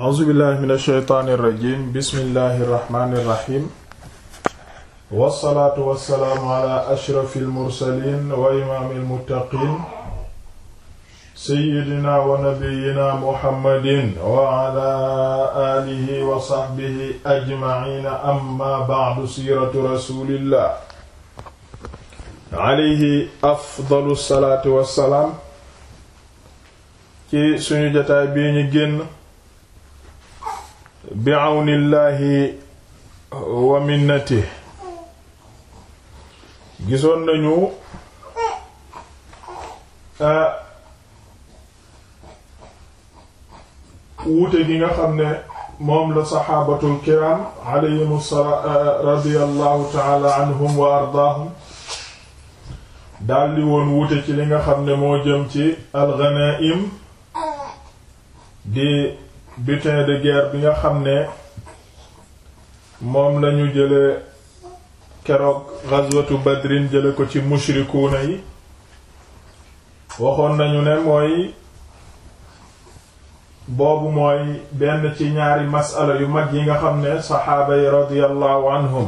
a'uuzu billahi min ashaytaani irrajim bismillahi irrahmaani irrahim wassalaatu wassalaamu ala ashrafi almursalin wa imaami almuttaqin seyidina wa nabiyina muhammadin wa ala alihi wa sahbihi ajmaina amma ba'du siiratu rasulillah alayhi afdalu salaatu wassalaam ci suñu jotaay bii ñu génn bi àwnillaahi wa minnati gisoon nañu ah, wuute gi nga xam ne moom la saxaabatul kiram alayhim ah, radiyallahu taala anhum wa ardaahum daldi woon wuute ci li nga xam ne moo jëm ci alghanaim di butin de guerre bi nga xam ne moom lañu jële keroog ghazwatu badrin jële ko ci mushrikuuna yi waxoon nañu ne mooy boobu mooy benn ci ñaari masala yu mag yi nga xam ne saxaaba yi radiyallahu anhum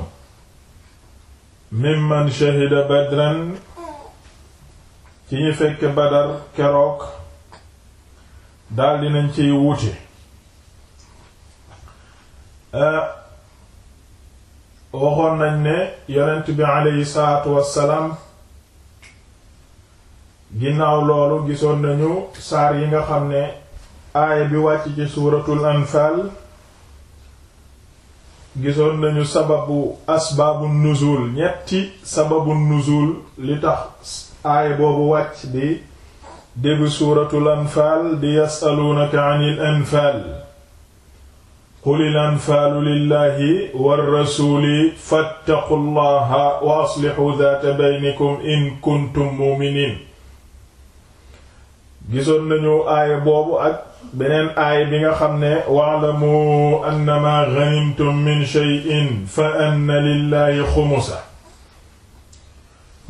mimman shahida badran ci ñu fekk badar keroog daldi nañ ciy wuute Euh, waxoon nañ ne yonent bi aleyhi salaatu wassalaam ginnaaw loolu gisoon nañu saar yi nga xam ne aaya bi wàcc ci suuratul anfaal gisoon nañu sababu asbaabu nuzul ñetti sababu nuzul li tax aaya boobu wàcc di dégg suuratul anfaal di yasaluunaka anil anfaal qulil anfaalu lillahi warrasuli fattaqu llaha wa aslixu daata baynikum in kuntum muminin gisoon nañu aaya boobu ak beneen aaya bi nga xam ne wa'lamu annama ghanimtum min shay'in fa anna lillahi xumusa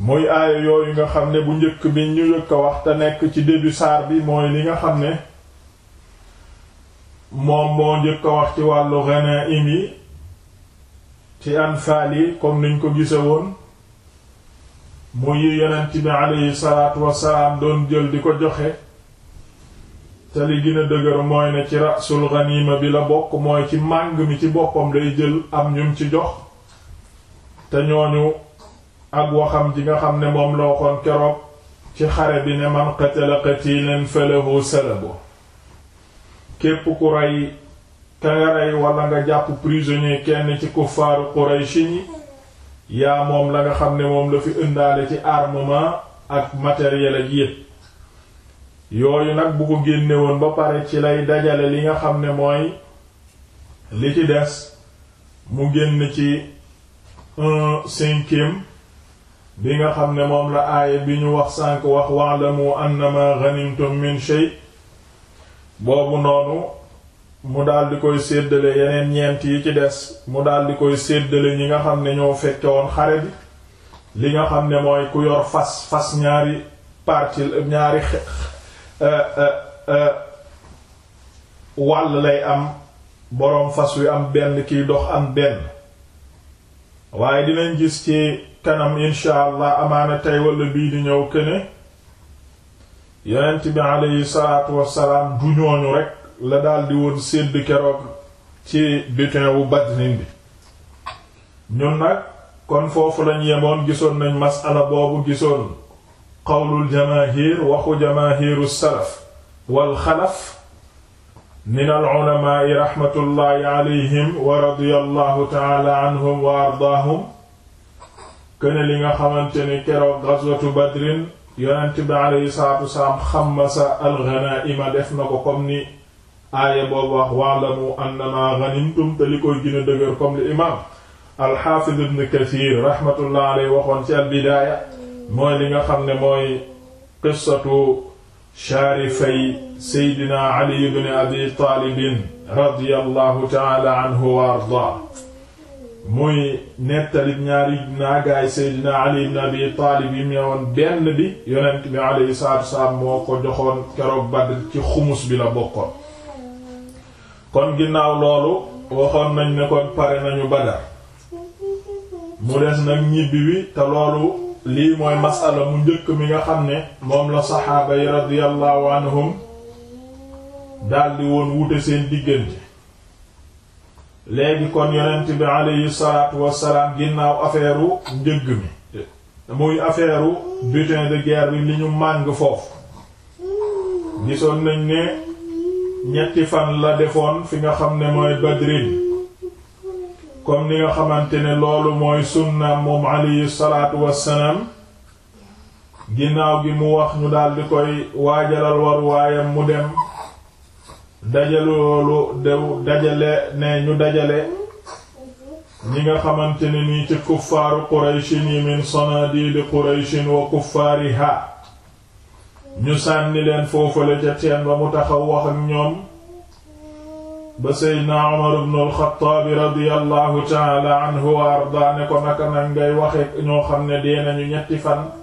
muy aaya yooyu nga xam ne bu njëkk bi ñu njëkk a nekk ci début saar bi mooy li nga xam ne moom moo njëkk wax ci wàllu ghanaim yi ci anfaal yi comme niñ ko gise woon mu yi yonent bi aleyhi salaatu wasalaam doon jël di ko joxe te li gën a dëgër mooy ne ci rasul ganima bi la bokk mooy ci màng mi ci boppam day jël am ñum ci jox te ñooñu ak waxam ji nga xam ne moom la waxoon keroog ci xare bi ne man qatala qatilan falahu salabu képp ku rey ka nga rey wala nga jàpp prisonnier kenn ci kuffaaru Qurayshi ñi yaa moom la nga xam ne moom la fi ëndaale ci armement ak matériel ak yépp yooyu nag bu ko génne ba pare ci lay dajale li nga xam ne mooy li ci des mu génn ci un cinquième bi nga xam ne moom la aaya bi ñu wax sànk wax wa'lamu annama ghanimtum min shay boobu noonu mu daldi koy séddale yeneen ñeent yi ci des mu daldi koy séddale ñi nga xam ne ñoo fekke woon xare bi li nga xam ne mooy ku yor fas fas ñaari partie ñaari eh, eh, eh, wàll lay am boroom fas wi am benn kiy dox am benn waaye dinañ gis ci kanam incha allah amaana tey walla bii di ñëw këne yonent bi aleyhi salaatu wassalaam du ñooñu rekk la daldi woon sédd keroog ci butin wu badrin bi ñun nag kon foofu lañ yemoon gisoon nañ masala boobu gisoon qawlul jamaahir waxu jamaahiru salaf wal xalaf min al ulamaai raxmatullaahi aleyhim wa radiyallahu taala anhum wa ardaahum këne li nga xamante keroog gazwatu badrin yonent bi aleyhi salaatu wasalaam xammasa alghanaa'ima def na ko comme ni aaya boobu wax wa'lamu annamaa ghanimtum te li koy gën a dëgër comme li imaam alxaafiz ibn kathir rahmatullah aleyhi waxoon ci albidaaya mooy li nga xam ne mooy qissatu shaarifay seydina ali ibn abi taalibin radiyallahu taala anhu wa ardaa muy nettalib ñaari naagaay Seydina Ali ibn Taalib yi ñëwoon benn bi yonent bi alayhi salaatu wasalaam moo ko joxoon keroog Badr ci xumus bi la bokkoon kon ginnaaw loolu waxoon nañ ne kon pare nañu Badr mu des nag ñibbi wi te loolu lii mooy masala mu njëkk mi nga xam ne moom la saxaaba yi radiyallahu anhum daldi woon wute seen diggante léegi kon yonent bi aleyhi salaatu wassalaam ginnaaw affaire u njëgg mi muy affaire butin de guerre bi li ñu màng foofu gisoon nañ ne ñetti fan la defoon fi nga xam ne mooy badrin comme ni nga xamante ne loolu mooy sunna moom aleyhi salaatu wassalaam ginnaaw gi mu wax ñu daldi koy waajalal war mu dem dajaloolu dew dajale ne ñu dajale ñi nga xamante ne nii ci kuffaaru qurayshin yi min sanadiidi qurayshin wa kuffaariha ñu sànni leen foofale ca teen ba mu taxaw wax ñoom ba seydna Umar ibn al-Khattab radiyallahu wa arda ne ko naka nag ngay waxe ñoo xam ne dee nañu ñetti fan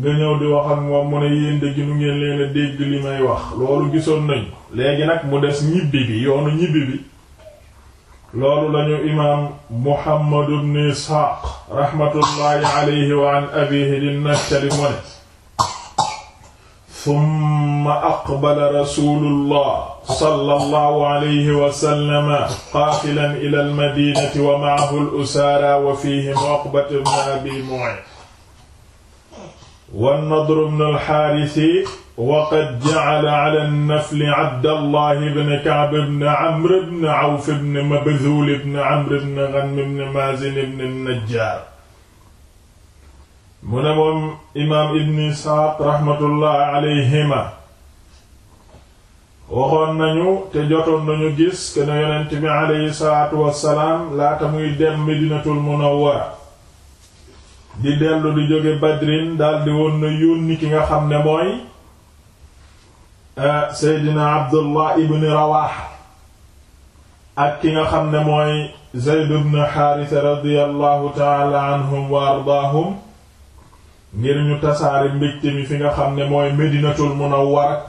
nga ñëw di wax ak moom mu ne yéen leen a dégg li may wax loolu gisoon nañu léegi nag mu des ñibbi bi yoonu ñibbi bi loolu lañu imaam Muhammad ibn Isxaaq raxmatullaahi alayhi wa an abiihi di nattali mu ne summa aqbala rasuulullah sallallaahu alayhi wa sallama qaafilan ma'ahu al-usaara wa fiihim Uqbatu Abi Mu'ayt والنضر بن الحارث وقد جعل على النفل عبد الله بن كعب بن عمرو بن عوف بن مبذول بن عمرو بن غنم بن مازن بن النجار mu ne moom imaam ibn isxaaq raxmatullahi alayhima waxoon nañu te jotoon nañu gis kenn yonent bi aleyhi salaatu wassalaam laata muy dem medinatul munawwara di dellu di jóge badrin daldi woon na yónni ki nga xam ne mooy eh, seydina abdullah ibn rawaxa ak ki nga xam ne mooy zeyd ibn xaarisa radiallahu taala anhum wa ardaahum ngir ñu tasaare mbégte mi fi nga xam ne mooy medinatul munawwara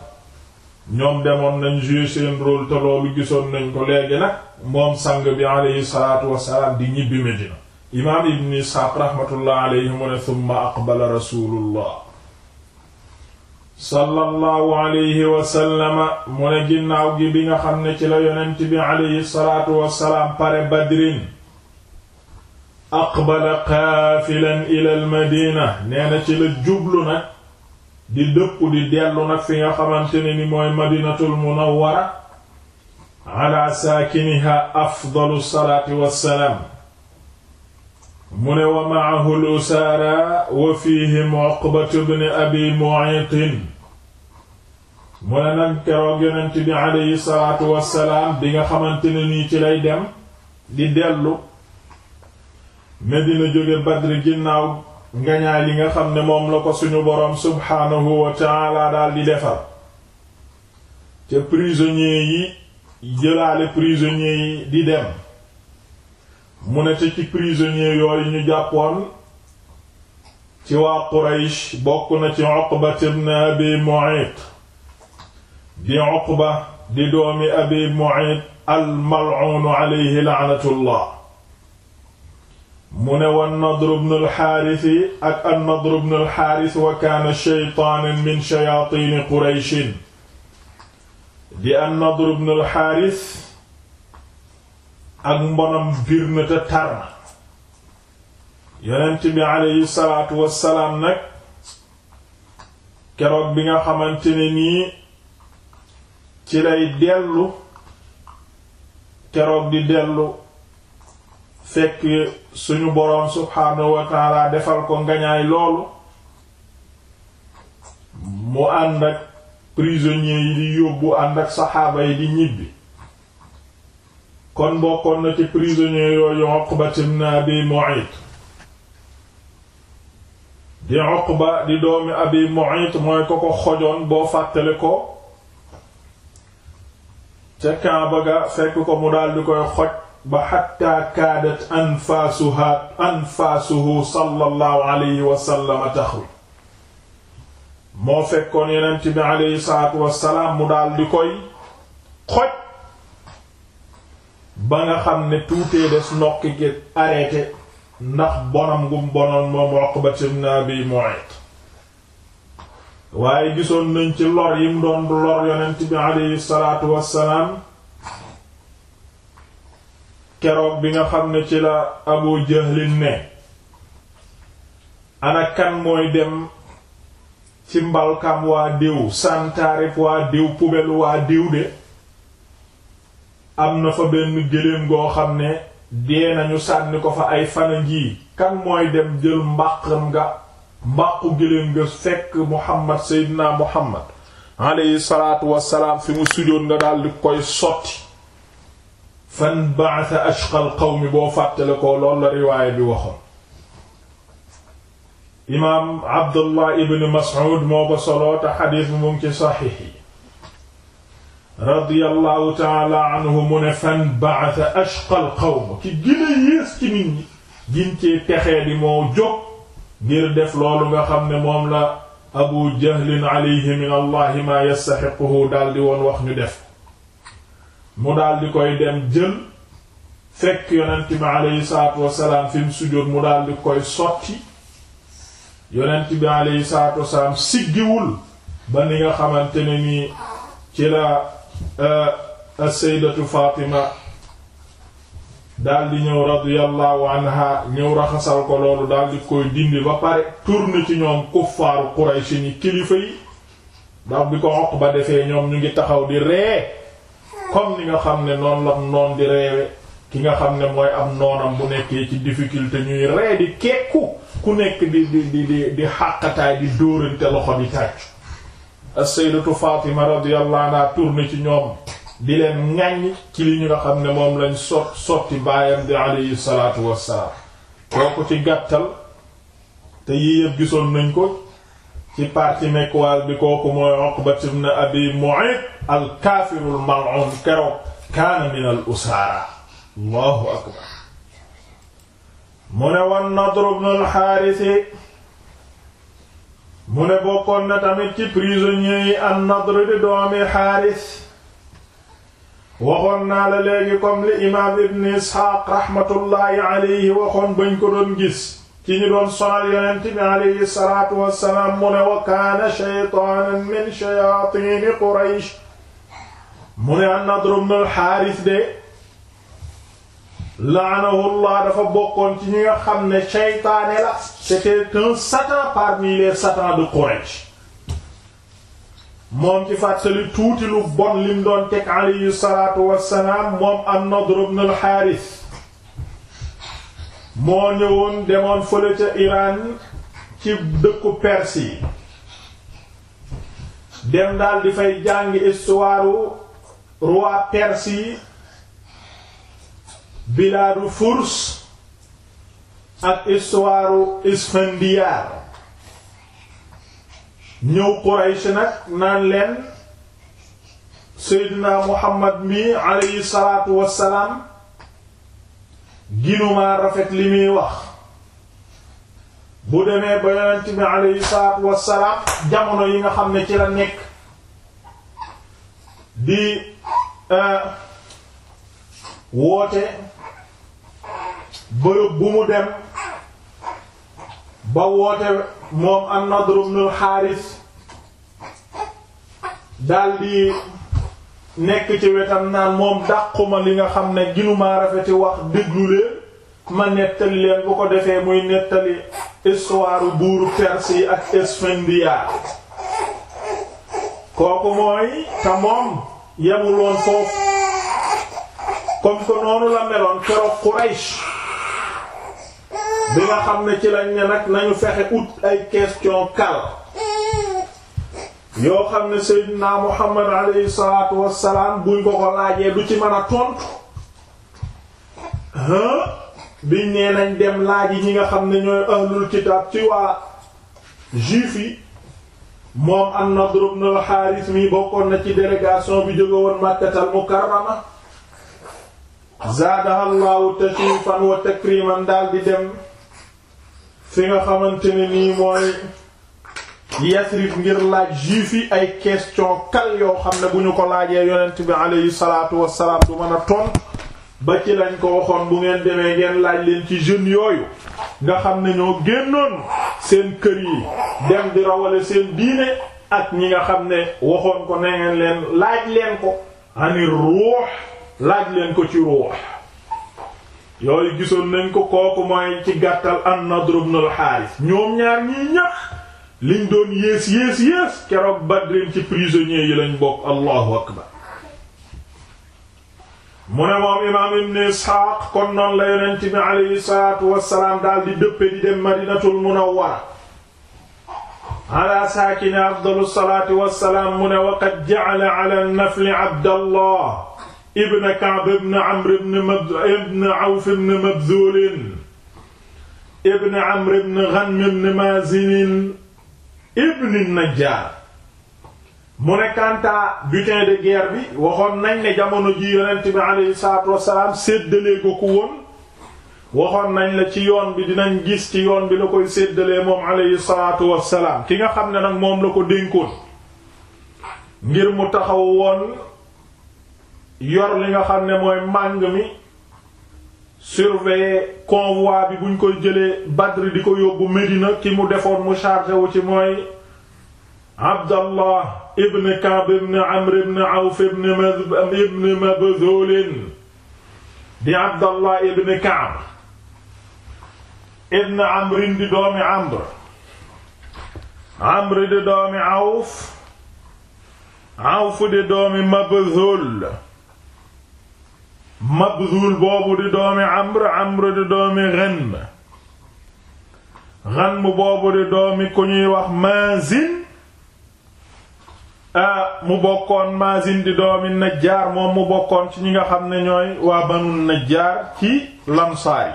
ñoom demoon nañ jouer seen rôle te loolu gisoon nañ ko léegi nag moom sang bi aleyhi salaatu wasalaam di ñibbi medina imaam ibn isxaaq raxmatullah alayhi mu ne summa aqbala rasulullah sallallahu alayhi wasallama mu ne ginnaaw gi bi nga xam ne ci la yonent bi alayhi salaatu wassalaam pare badrin aqbala qaafilan ila al madina nee na ci la jublu nag di dëpp di dellu nag fi nga xamante ne ni mooy madinatul munawwara ala saakiniha afdalu salaati wassalaam mu ne wa maahu lusaara wa fihim oqbatu bni abi muitin mu ne nag keroog yonent bi aleyhi salaatu wassalaam bi nga xamante ne nii ci lay dem di dellu Medina jóge Badr ginnaaw ngañaay yi nga xam ne moom la ko suñu boroom subhaanahu wa taala daal di defar te prisonniers yi jëlaale prisonniers yi di dem mu ne te ci prisonnier yooyu ñu jàppoon ci waa Quraysh bokk na ci Uqba ibn Abi Mu'ayt di Uqba di doomi Abi Mu'ayt al-mal'un alayhi la'natullah mu ne wa Nadr ibn al-Harith ak an-Nadr ibn al-Harith wa kaana shaytaanan min shayaatiin Quraysh di an-Nadr ibn al-Harith ak mbonam biir na te tar na bi aleyhi salaatu wassalaam nag keroog bi nga xamante ni nii ci lay dellu keroog di dellu fekk suñu boroom subhaanahu defal ko ngañaay loolu mu ànd ak prisonniers yi di yóbbu ànd ak saxaaba yi di ñibbi kon bokkoon na ci prisonnier yooyu Uqba di Uqba di doomi mooy ko ko xojoon boo fàttale ko ca Kaaba ga fekk ko mu daal koy xoj ba xatta kaadat anfaasuha anfaasuhu sallallahu alayhi wa sallam moo fekkoon yonent bi alayhi salaatu wassalaam mu daal koy xoj ba nga xam ne tuutee des nokki gi arrêté ndax bonam gum bonoon moom Uqbat ibn Abi Mu'ayt waaye gisoon nañ ci lor yi doon lor yonent bi aleyhi wassalaam keroog bi nga xam ne ci la Abu Jahlin ne ana kan mooy dem ci mbalkam waa diw santaarif waa diw pubelu waa diw de am na fa benn gëléem goo xam ne dee nañu sànni ko fa ay fana ngi kan mooy dem jël mbàqam nga mbàqu gëléem nga fekk Muhammad Seydina Muhammad alayhi salaatu wassalaam fi mu sujoon nga daal koy sotti fan ba'atha ashqal qawmi boo fàttale ko loolu la riwaaya bi waxoon imaam Abdullah ibn Mas'ud moo ko soloo te xadiis mu ngi ci radiyallahu taala anhu mu ne fan ba'atha ashqal qawm ki gën a yées ci nit ñi gin cee texee di moo jóg ngir def loolu nga xam ne moom la abu jahlin alayhi min allahi di woon wax ñu def mu daal di koy dem jël fekk yonent bi aleyhi salaatu wasalaam fi mu sujjóot mu sotti yonent bi aleyhi salaatu ba ni nga xamante ne ci la Euh, as-sayyidatu Fatima daal di ñëw radiyallahu anha ñëw raxasal ko loolu daal di koy dindi ba pare tourne ci ñoom kuffaaru Quraysh ni kilifa yi ndax bi ko xoq ba defee ñoom ñu ngi taxaw di ree comme ni nga xam ne noonu la noon di reewe ki nga xam ne mooy am noonam bu nekkee ci difficulté ñuy ree di kekku ku nekk di di di di di xàqataay di dóorante loxo di tàccu as-sayyidatu Fatima radiyallahu anha tourne ci ñoom di leen ŋàññ ci li ñu nga xam ne moom lañ sot sotti baayam di alayhi salaatu wassalaam kooku ci gàttal te yi yëpp gisoon nañ ko ci parti mekwaal bi kooku mooy Uqbat ibn Abi Mu'ayt al-kaafirul mal'un keroog kaana min al-usaara Allahu akbar mu ne wan Nadr ibn al mu ne bokkoon na tamit ci prisonniers yi an-Nadr di doomi Xaaris waxoon la léegi comme li imaam Ibn Isxaaq raxmatullaahi alayhi waxoon bañ ko doon gis ci ñu doon sonal yonent bi alayhi salaatu wassalaam mu ne wa kaana shaytaanan min shayaatiini Quraysh mu ne an al-Xaaris de laanahullah dafa bokkoon ci ñi nga xam ne seytaane la c'était un satan parmi les satans de Quraish moom ci fàttali tuuti lu bon lim doon teg alayhi salaatu wassalaam moom an-Nadr ibn al-Harith moo ñëwoon demoon fële ca Iran ci dëkku Perse dem daal di fay jàngi histoire roi Perse bilaadu Furs ak istuwaaru Isfandiyaar ñëw Quraysh nag naan leen Seydina Muhammad mi aleyhi salaatu wassalaam ginumaa rafet li muy wax bu demee ba yonent aleyhi salaatu wassalaam jamono yi nga xam ne ci la nekk di euh, woote bërëb bu mu dem ba woote moom an-Nadr ibn al-Haaris daldi nekk ci wetam naan moom dàquma li nga xam ne ginumaa rafeti wax déglu leen ma nettali leen bu ko defee muy nettali histoire buur Perse yi ak Esfandiyar kooku mooy te yemuloon foofu comme que noonu la meloon keroog Quraysh bi nga xam ne ci lañ ne nag nañu fexe ut ay question kal yoo xam ne Seydina Muhammad alayhi salaatu wassalaam buñ ko ko du ci mën a tontu biñ nee nañ dem laaji ñi nga xam ne ñooy ahlul kitaab ci waa juif yi moom an-Nadr ibn al-Harith mi bokkoon na ci délégation bi jóge woon Makkatal Mukarrama zaadaha Allahu tashrifan wa takriman daal di dem fi nga xamante ne nii mooy Yasrib ngir laaj juif yi ay question kal yoo xam ne bu ñu ko laajee yonent bi alayhi salaatu wassalaam du mën a ton ba ci lañ ko waxoon bu ngeen demee ngeen laaj leen ci jeunes yooyu nga xam ne ñoo génnoon seen kër yi dem di rawale seen diine ak ñi nga xam ne waxoon ko ne ngeen leen laaj leen ko ani ruux laaj leen ko ci ruux yooyu gisoon nañ ko kooku mooy ci gàttal an-Nadr ibn al-Harith ñoom ñaar ñii ñax liñ doon yées yées yées keroog Badrin ci prisonniers yi lañ bokk allahu akbar mu ne moom imaam ibn Isxaaq kon noonu la yonent bi aleyhi salaatu wassalaam daal di dëppe di dem Madinatul Munawwara ala saakini afdalu salaatu wassalaam mu ne waqad ja'ala ala an-nafli Abdallah ibn Ka'b ibn Amr ibn ibn Awf ibn Mabdhul ibn Amr ibn Ghanm mu ne Kantaa butin de guerre bi waxoon nañ ne jamono ji yonent bi aleyhi salaatu wassalaam séddalee ko woon waxoon nañ la ci yoon bi dinañ gis ci yoon bi la koy séddalee moom aleyhi salaatu wassalaam ki nga xam ne nag moom la ko dénkoon ngir mu taxaw woon yor li nga xam ne mooy màng mi surveiller convoi bi buñ koy jëlee Badr di ko yóbbu Medina ki mu defoon mu chargé ci mooy Abdallah ibn Ka'b ibn Amr di doomi Amr Amr di doomi Awf Awf di doomi Mabdhul mabdul boobu di doomi amr amr di doomi ghanm ghanm boobu di doomi ku ñuy wax mazin a ah, mu bokkoon mazin di doomi najjaar moom mu bokkoon ci ñi nga xam ne ñooy waa banu najjaar ci lamsaar yi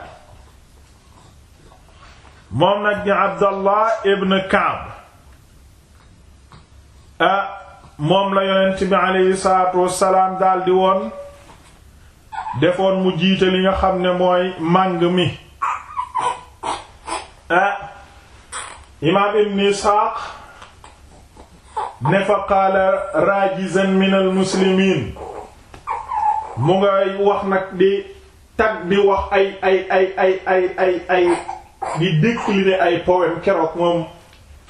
moom nag di abdallah ibn kaab a ah, moom la yonent bi aleyhi salaatu wassalaam daldi woon defoon mu jiite li nga xam ne mooy màng mi ah, imaam ibn Isxaaq ne fa qaala raajizan min al muslimiin mu ngay wax nag di tag di wax ay ay ay ay ay ay ay di décliner ay poème keroog moom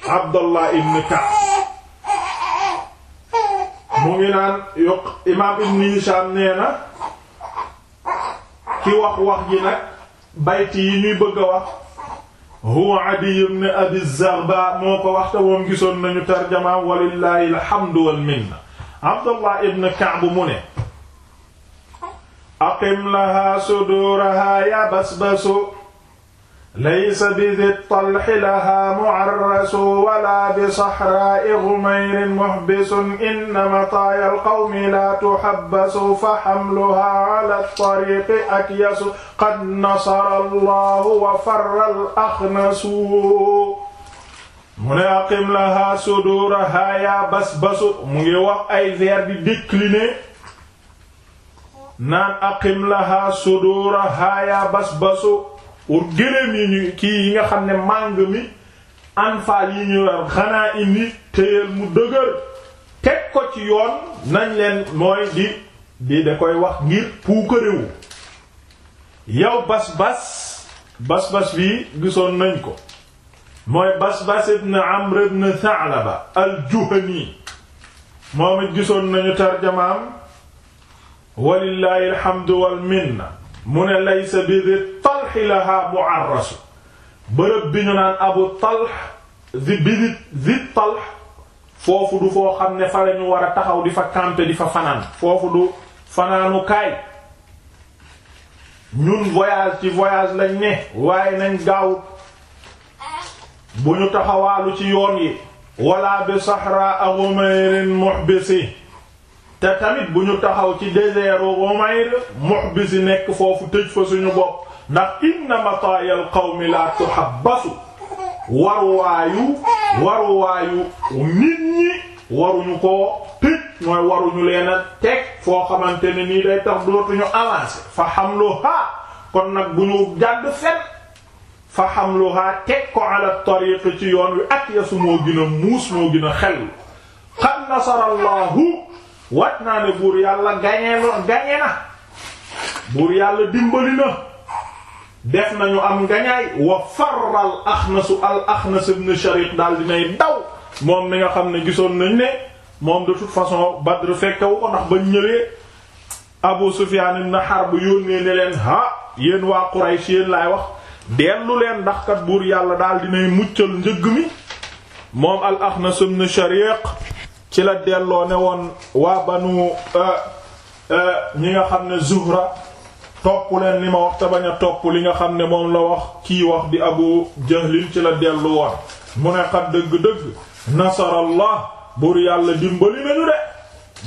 Abdallah ibn Ka'b mu ngi naan yokk imaam ibn Hishaam nee na ki wax wax ji nag bayti yi ñuy bëgg a wax huwa Adiy ibn Abi moo ko wax te gisoon nañu tarjama walillahi alhamdu wal Abdullah ibn Ka'b mu ne aqim laha suduraha ya basbasu laysa bi di talxi lahaa mucarrasu wala bi saxraai gumayrin muxbisun inna mataaya alqawmi laa tuxabbasu fa xamluhaa ala tariiqi akyasu qad nasara allahu wa farra alaxnasu mu ne aqim lahaa suduurahaa yaa basbasu mu ngi wax ay verbe bi décliné naan aqim lahaa suduurahaa yaa basbasu pour gëléem yi ñu kii yi nga xam ne màng mi anfaal yi ñu war xanaa indi téyeel mu dëgër teg ko ci yoon nañ leen mooy di di da koy wax ngir puukarewu yow bas-bas bas-bas bi gisoon nañ ko mooy bas-bas ibn amr ibn tha'laba al-juhani moom gisoon nañu tarjamaam walillahi alhamdu wal minna mu ne laysa bi di talxi laha mu'arrasu bërëb bi ñu naan abu talx di bi di di talx foofu du foo xam ne fa la ñu war a taxaw di fa camper di fa fanaan foofu du fanaanukaay kaay ñun voyage ci voyage lañ ne waaye nañ gaaw bu ñu taxawaalu ci yoon yi wala bi sahra aghmayrin muhbisi te tamit bu ñu taxaw ci désertu Umayr muhbisi nekk foofu tëj fa suñu bopp ndax inna mataayal qawmi la tuhabbasu waruwaayu waruwaayu nit ñi waruñu koo tëj mooy waruñu leen a teg foo xamante ne nii day tax dootuñu avancer fa hamluha kon nag bu ñu jàdd fen fa hamluha teg ko ala tariq ci yoon wi ak yasu moo gën a muus moo gën a xel qad nasara Allahu wat naa ne buur yàlla gañee gañe na buur yàlla dimbali na def nañu am gañaay wa farra al axnasu al axnas ibn shariq daal dinay daw moom mi xam ne gisoon nañ ne moom de façon Badr fekkewu ko ndax ba ñëwee Abu na ibn Harb yónnee ne leen ha yéen waa Quraysh yéen laay wax dellu leen ndax kat buur yàlla daal dinay muccal njëg mi moom al axnas ibn shariq ci la delloo ne woon waa banu euh, euh, ñi nga xam ne Zuhra topp leen li ma wax te bañ a topp li nga xam ne moom la wax kii wax bi Abu Jahlil ci la dellu woon mu ne xat dëgg-dëgg nasarallah buur yàlla dimbali nañu de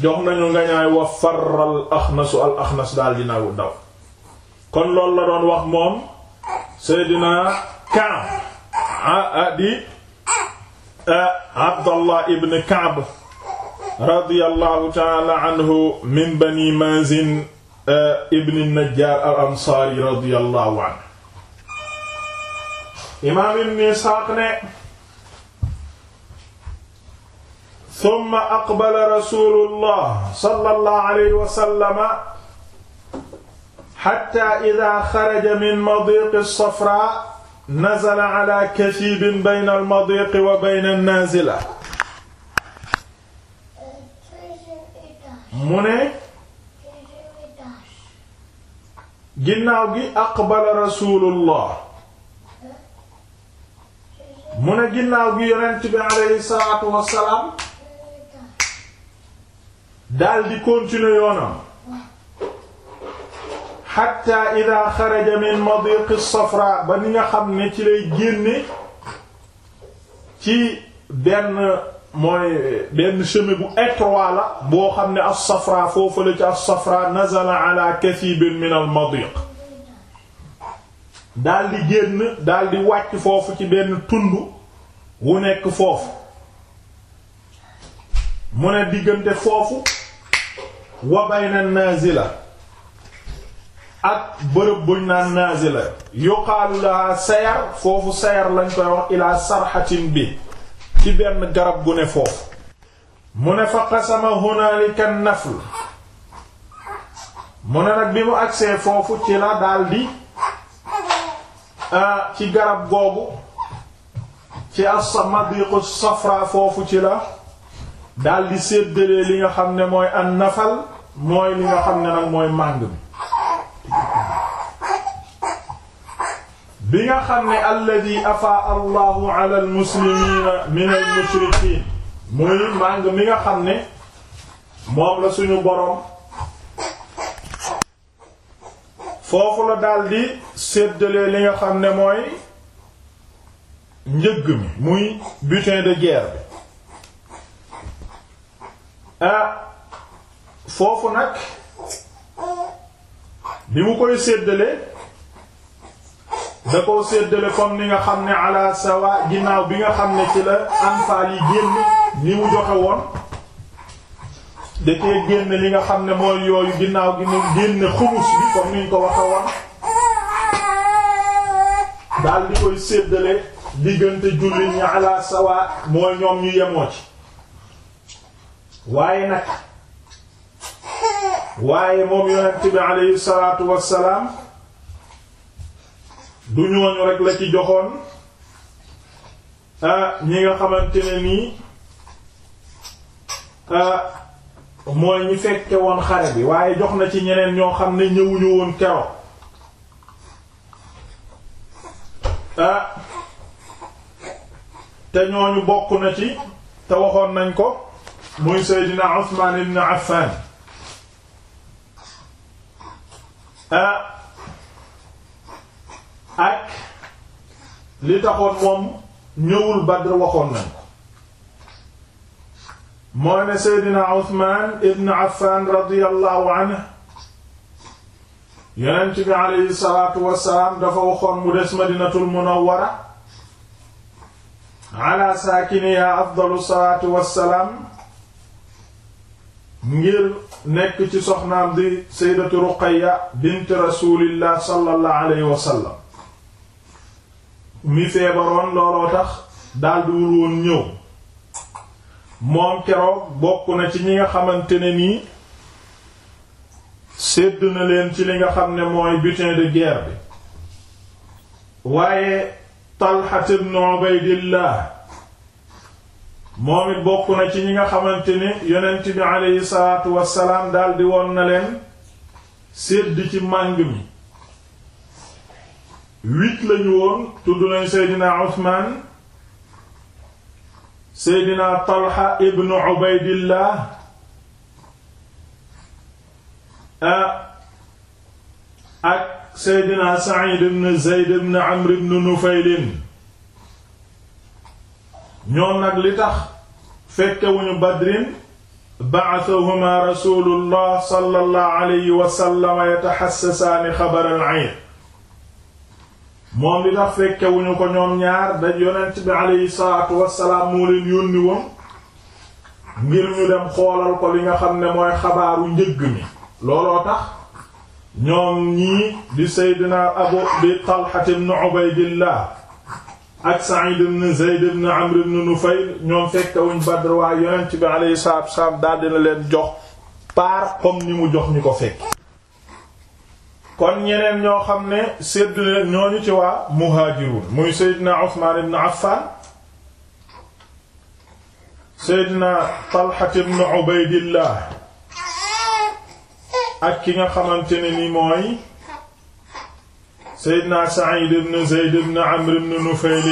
jox nañu nga ñaay wa farral axnasu al axnas daal dinaawu daw kon loolu la doon wax moom Seydina Kaab di euh, Abdallah ibn Kaab radiyallahu taala anhu min bani mazin eh, ibn najjar al ansaari radiyallahu anhu imaam ibn isxaaq ne summa aqbala rasulullah sallallahu alayhi wa sallama xatta ida xaraja min madiiqi safra nazala ala kasiibin bayna al madiiqi wa bayna naazila mu ne ginnaaw gi aqbala rasulullah mu ne ginnaaw gi yonent bi aleyhi salaatu wassalaam daldi continuer yoonam xatta ida xaraja min madiq as-safra ba ni nga xam ne ci lay génne ci benn mooy benn chemin bu la boo xam ne as-safra foofu la ci as-safra nazala ala kathibin min al-madiq daal di génn daal di wàcc foofu ci benn tund wu nekk foofu mu ne diggante foofu wa bayna nazila ak bërëb buñ naan nazila yuqaalu laha sayar foofu sayar lañ koy wax ila bi ci benn garab gu ne foofu mu ne fa qasama hunaalika nafl mu ne nag bi mu agsee foofu ci la daldi ah, ci garab googu ci as-samadiqu safra foofu ci la daldi séddalee li nga xam ne mooy an nafal mooy li nga xam ne nag mooy màng bi bi nga xam ne alladi afaa allahu ala almuslimiina min almushrikiin muy màng mi nga xam ne moom la suñu boroom foofu la daldi séddalee li nga xam ne mooy njëgg mi muy butin de guerre bi ah foofu nag bi mu koy séddalee da koo séddale comme ni nga xam ne ala ginnaaw bi nga xam ne ci la anfaal yi génn ni mu joxe woon da cee génn li nga xam ne mooy yooyu ginnaaw gi mu génn xumus bi comme ni ñu ko waxe woon daal di koy séddale diggante jullit ñi ala sawa mooy ñoom ñu yemoo ci waaye nag waaye moom yonent bi alayhi salaatu wassalaam du ñooñu rek la ci joxoon ah, ñi nga xamante ne nii ah, mooy ñi fekke woon xare bi waaye jox na ci ñeneen ñoo xam ne ñëwuñu woon keroog ah, te ñooñu bokk na ci te waxoon nañ ko muy Seydina Usmaan ibn Affan ah ak li taxoon moom ñëwul Badr waxoon nañ ko mooy ne Seydina Usmaan ibn Affaan radiyallahu anhu Yonent bi alayhi salaatu wassalaam dafa waxoon mu des Madinatul Munawwara ala saakiniha afdalu salaatu wassalaam ngir nekk ci soxnaam di Sayyidatu Ruqayya bint Rasuulillah sallallahu alayhi wa sallam mi feebaroon looloo tax daldi woon ñëw moom keroog bokk na ci ñi nga xamante ne nii sédd na leen ci li nga xam ne mooy butin de guerre bi waaye Talha ibn Ubaydillah moom it bokk na ci ñi nga xamante ni yonent bi aleyhi salaatu wassalaam daldi woon na leen sédd ci màng mi huit lañu woon tudd nañ seydina Usmaan seydina Talha ibnu Ubaydillah ak seydina Sa'id ibn Zayd ibn Amr ibn Nufaylin ñoom nag li tax fekkewuñu Badrin ba'athahuma rasuulullah sallallahu alayhi wa sallam yataxassasaani xabaral ayn moom li tax fekkewuñu ko ñoom ñaar dañ yonent bi aleyhi salaatu wassalaam moo leen yónni woon ngir ñu dem xoolal ko li nga xam ne mooy xabaaru njëgg mi looloo tax ñoom ñii di seydina abu di talhat ibn ubaydillah ak sa'id ibn zayd ibn amr ibn nufayl ñoom fekkewuñ badr waaye yonent bi aleyhi salaatu wassalaam daal dina leen jox par comme ni mu jox ñi ko fekk kon ñeneen ñoo xam ne sédd ñooñu ci waa muhaajirun muy seydina Usmaan ibn Affaan seydina Talha ibn Ubaydillah ak ki nga xamante ne ni mooy seydina Sa'id ibn Zayd ibn Amr ibn Nufayl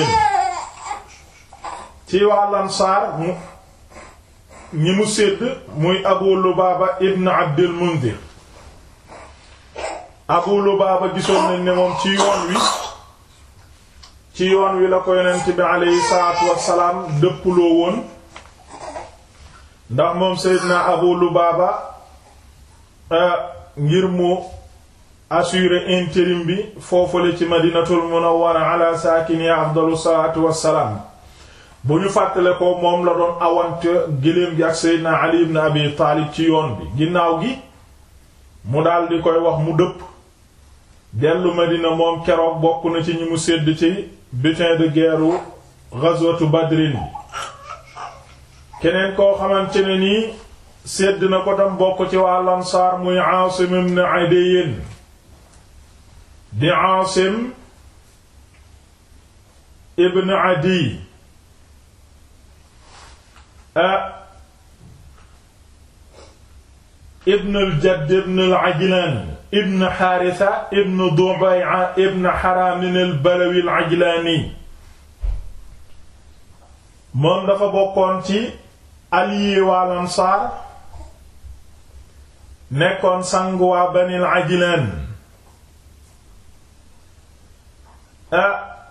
ci waa Ansaar ñi mu sédd muy Abu Lubaaba ibn Abdil Munzir Abu Lubaaba gisoon nañ ne moom ci yoon wi ci yoon wi la ko yonent bi aleyhi salaatu wassalaam dëppuloo woon ndax moom Seydina Abu Lubaaba euh, ngir mu assurer intérim bi foofale ci Madinatul Munawwara ala saakini afdalu salaatu wassalaam bu ñu fàttale ko moom la doon awante géléem gi ak Seydina Ali ibn Abi Taalib ci yoon bi ginnaaw gi mu daal di koy wax mu dëpp dellu Madina moom keroog bokk na ci ñi mu sédd ci butin de guerre wu ghazwatu Badrin keneen koo xamante ne nii sédd na ko tam bokk ci waa Ansaar muy Aasim ibn Adiy di Aasim ibn Adiy a ibn jadd ibn al ibn Haarisa ibn Dubay'a ibn Haraam al-Balawi al dafa bokkoon ci allié waa Ansaar nekkoon sang waa Banil Ajlaan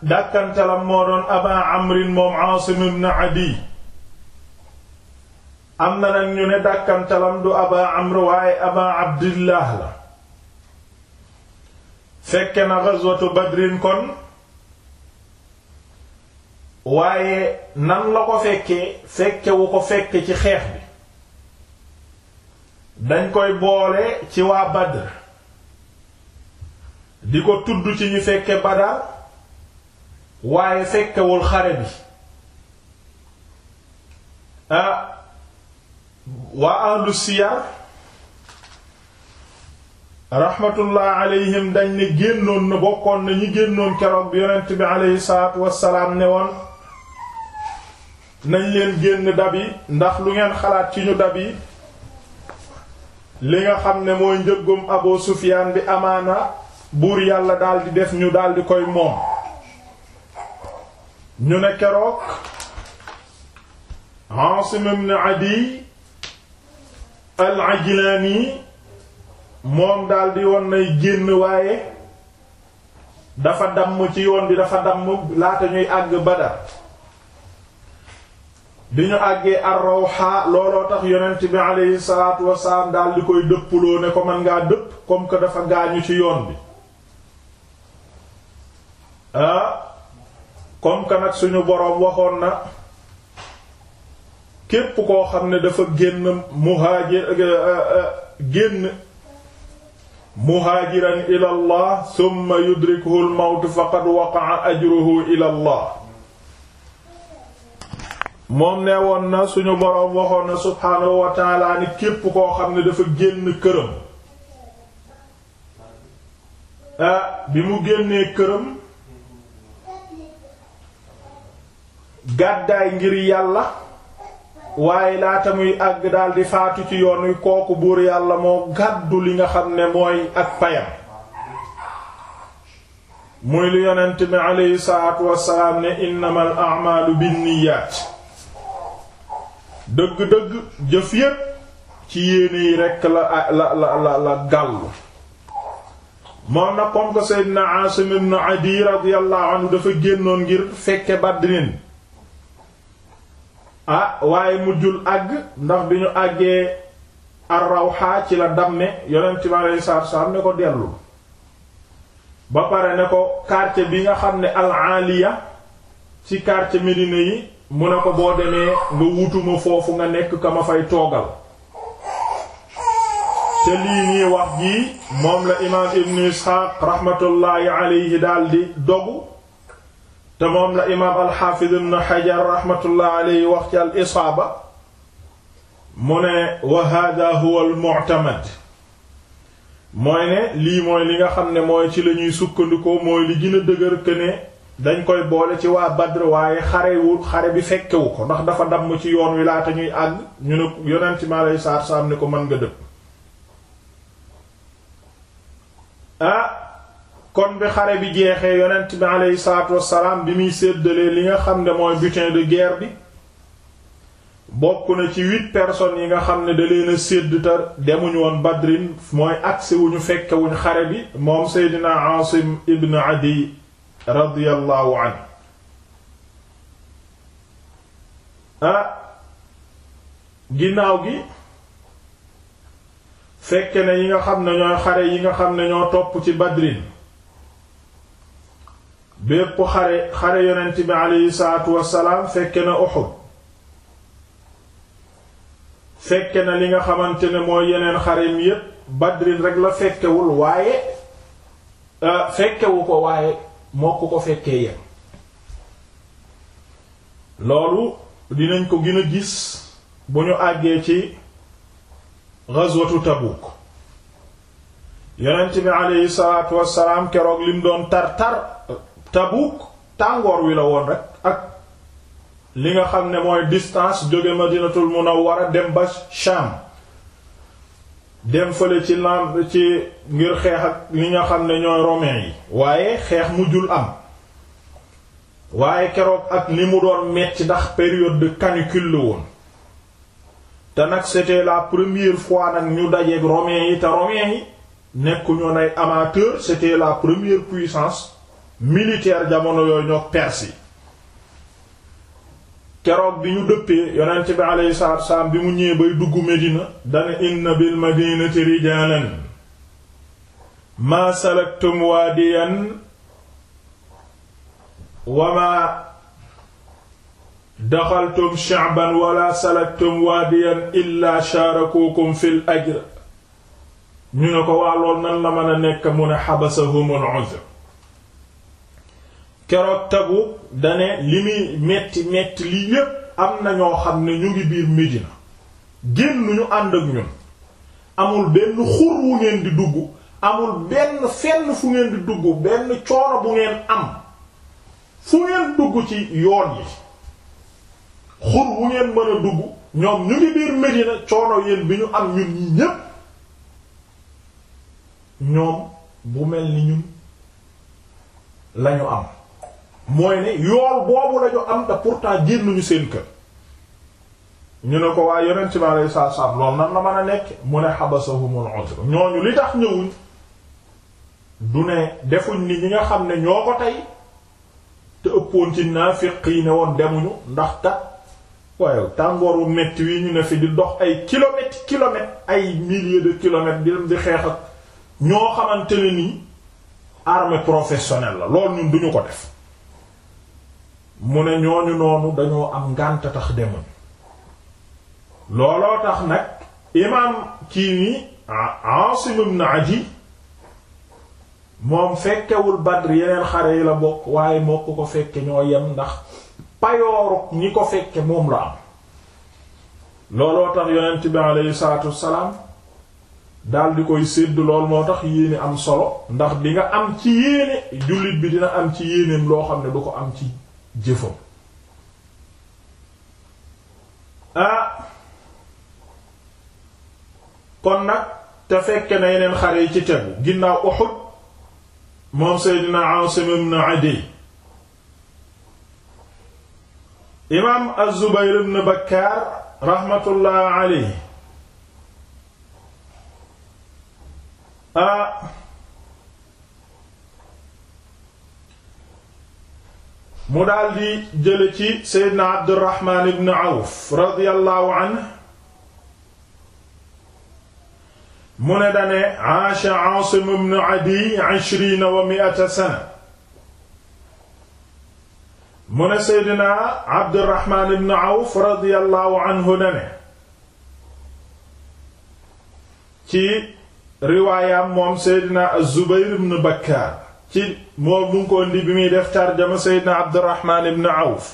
dàkkantalam moo doon Abaa Amrin moom Aasim ibn Adiy am na nag ñu ne dàkkantalam du Abaa Amr waaye Abaa Abdillah la fekke na ghazwatu badrin kon waaye nan la ko fekkee fekke ko fekke ci xeex bi dañ koy boole ci waa badr di ko tudd ci ñu fekke badar waaye fekkewul xare bi ah waa ahlu siyar rahmatullah alayhim dañ ne génnoon na bokkoon na ñi génnoon keroog bi yonent bi aleyhi salaatu wassalaam ne woon nañ leen génn dab yi ndax lu ngeen xalaat ci ñu dab yi li nga xam ne moo njëggum Abu Sufyaan bi amaana buur yàlla daldi def ñu daldi koy moom ñu ne keroog Aasim ibn Adi al-Ajlaani moom daldi woon nay génn waaye dafa damm ci yoon bi dafa damm laata ñuy àgg Badar bi ñu àggee Ar-Rawha looloo tax yonent bi aleyhi salaatu wasalaam daldi koy dëppuloo ne ko mën ngaa dëpp comme que dafa gaañu ci yoon bi ah comme nag suñu boroom waxoon na képp koo xam ne dafa génn muhaajir génn muhaajiran ila allah summa yudrikuhu almawtu faqad waqa'a ajruhu ila moom nee woon na suñu boroom waxoon na subhaanahu wa taala képp koo xam ne dafa génn këram ah bi mu génnee këram gàddaay ngir yàlla waaye laata muy àgg daal di faatu ci yoon wi kooku buur yàlla moo gàddu li nga xam ne mooy ak payam muy lu yonent bi aleyhi salaatu ne innamal a'maalu binniyaat dëgg-dëgg jëf yépp ci yéene yi rekk la la la la la moom na comme que Seydina Aasim ibn Adi radiyallahu dafa génnoon ngir fekke Badrin a ah, waaye mu jul àgg ndax bi ñu àggee ar-Rawha ci la damme yonent bi aleyhi salaatu wa ne ko dellu ba pare ne ko quartier bi nga xam ne al ci quartier Médina yi mu ne ko boo demee nga wutuma foofu nga nekk ka ma fay toogal te lii nii wax jii moom la imaam Ibn Isxaaq rahmatullahi aleyhi daal di dogu te moom la imaam alxaafid na xajar raxmatullah wax ci al isaaba mu ne wa huwa al mu'tamad mooy ne lii mooy li nga xam ne mooy ci la ñuy sukkandikoo mooy li gën a dëgër que dañ koy boole ci waa Badr waaye xarewul xare bi fekkewu ko ndax dafa damm ci yoon wi laata ñuy àgg ñu ne yonent mi alayhi salaatu salaam ne ko mën nga dëpp ah, kon bi xare bi jeexee yonent bi aleyhi salaatu wassalaam bi muy séddalee li nga xam ne mooy butin de guerre bi bokk na ci huit personnes yi nga xam ne da leen a sédd te demuñu woon badrin mooy agsi wuñu fekkewuñ xare bi moom seydina aasim ibn adi radiyallahu anhu ginnaaw gi fekke na yi nga xam ne ñooy xare yi nga xam ne ñoo topp ci badrin bépp xare xare yonent bi aleyhi salaatu wassalaam fekke na Uhud fekke na li nga xamante ne moo yeneen xarem yépp Badrin rek la fekkewul waaye euh, fekkewu ko waaye mokk ko fekkee yem loolu dinañ ko gën a gis bu ñu àggee ci ghazwatu Tabuk yonent bi aleyhi salaatu wassalaam keroog lim doon tar tar Tabuk tàngoor wi la woon rek ak li nga xam ne mooy distance jóge Madinatul Munawwara dem ba Sham dem fële ci lam ci ngir xeex ak li nga xam ne ñooy romain yi waaye xeex mu jul am waaye keroog ak li mu doon metti ndax période de canicule la woon te nag c'était la première fois nag ñu dajeeg romain yi te romain yi nekkuñu ay amateur c'était la première puissance militaire jamono yooyu ñoo perse keroog bi ñu dëppee yonent bi alayhi salaatu bi mu ñëwee bay dugg Medina dana inna bil madinati rijaalan maa salaktum waadiyan wa maa daxaltum sha'ban wala salaktum waadiyan illaa shaarakuukum fil ajr ñu ne ko waa lool nan la mën a nekk mu ne xabasahumul uzr keroog Tabuk dane li muy metti metti li yépp am na ñoo xam ne ñu ngi biir Médina génn ñu ànd ak ñun amul benn xur wu ngeen di dugg amul benn fenn fu ngeen di dugg benn coono bu ngeen am fu ngeen dugg ci yoon yi xur wu ngeen mën a dugg ñoom ñu ngi biir Médina coono yéen bi ñu am ñun ñi ñépp ñoom bu mel ni ñun lañu am mooy ne yool boobu lañu am te pourtant génnuñu seen kër ñu ne ko waaye yonent bi alayhi salaatu salaam loolu nan la mën a nekk mu ne xabasahumul uzr ñooñu li tax ñëwuñ du ne defuñ ni ñi nga xam ne ñoo ko tey te ëppoon ci naafiq yi ne woon demuñu ndax kat waaye tàngooru metti wi ñu ne fi di dox ay kilomètres kilomètres ay milliers de kilomètres di dem di xeex ak ñoo xamante ne nii armée professionnelle la loolu ñun duñu ko def mu ne ñooñu noonu dañoo am ngànt tax demuñ looloo tax nag imaam kii ni Aasim ibn Adi moom fekkewul Badr yeneen xare yi la bokk waaye moo ko ko fekke ñoo yem ndax payooruk ñi ko fekke moom la am looloo tax yonent bi aleyhi salaatu wassalaam dal di koy sédd lool moo tax yéene am solo ndax di nga am ci yéene jullit bi dina am ci yéeneem loo xam ne du ko am ci jëfam ah kon nag te fekke na yeneen xare yi ci tegu ginnaaw Uhud moom Seydina Aasim ibn Adiy imaam Az-Zubayr ibn Bakkaar raxmatullaahi alayhi ah mu daal di jële ci seydna abdurahmaan ibn auf radiyallahu anhu mu ne dane aasha aasim ibn adi ishriina mu ne seydna abdurahmaan ibn auf radiyallahu anhu dane ci riwaayam moom seydna az-zubayr ibn bakkaar ci moom mu ngi ko bi muy def tarjama seydna abdurahman ibn awf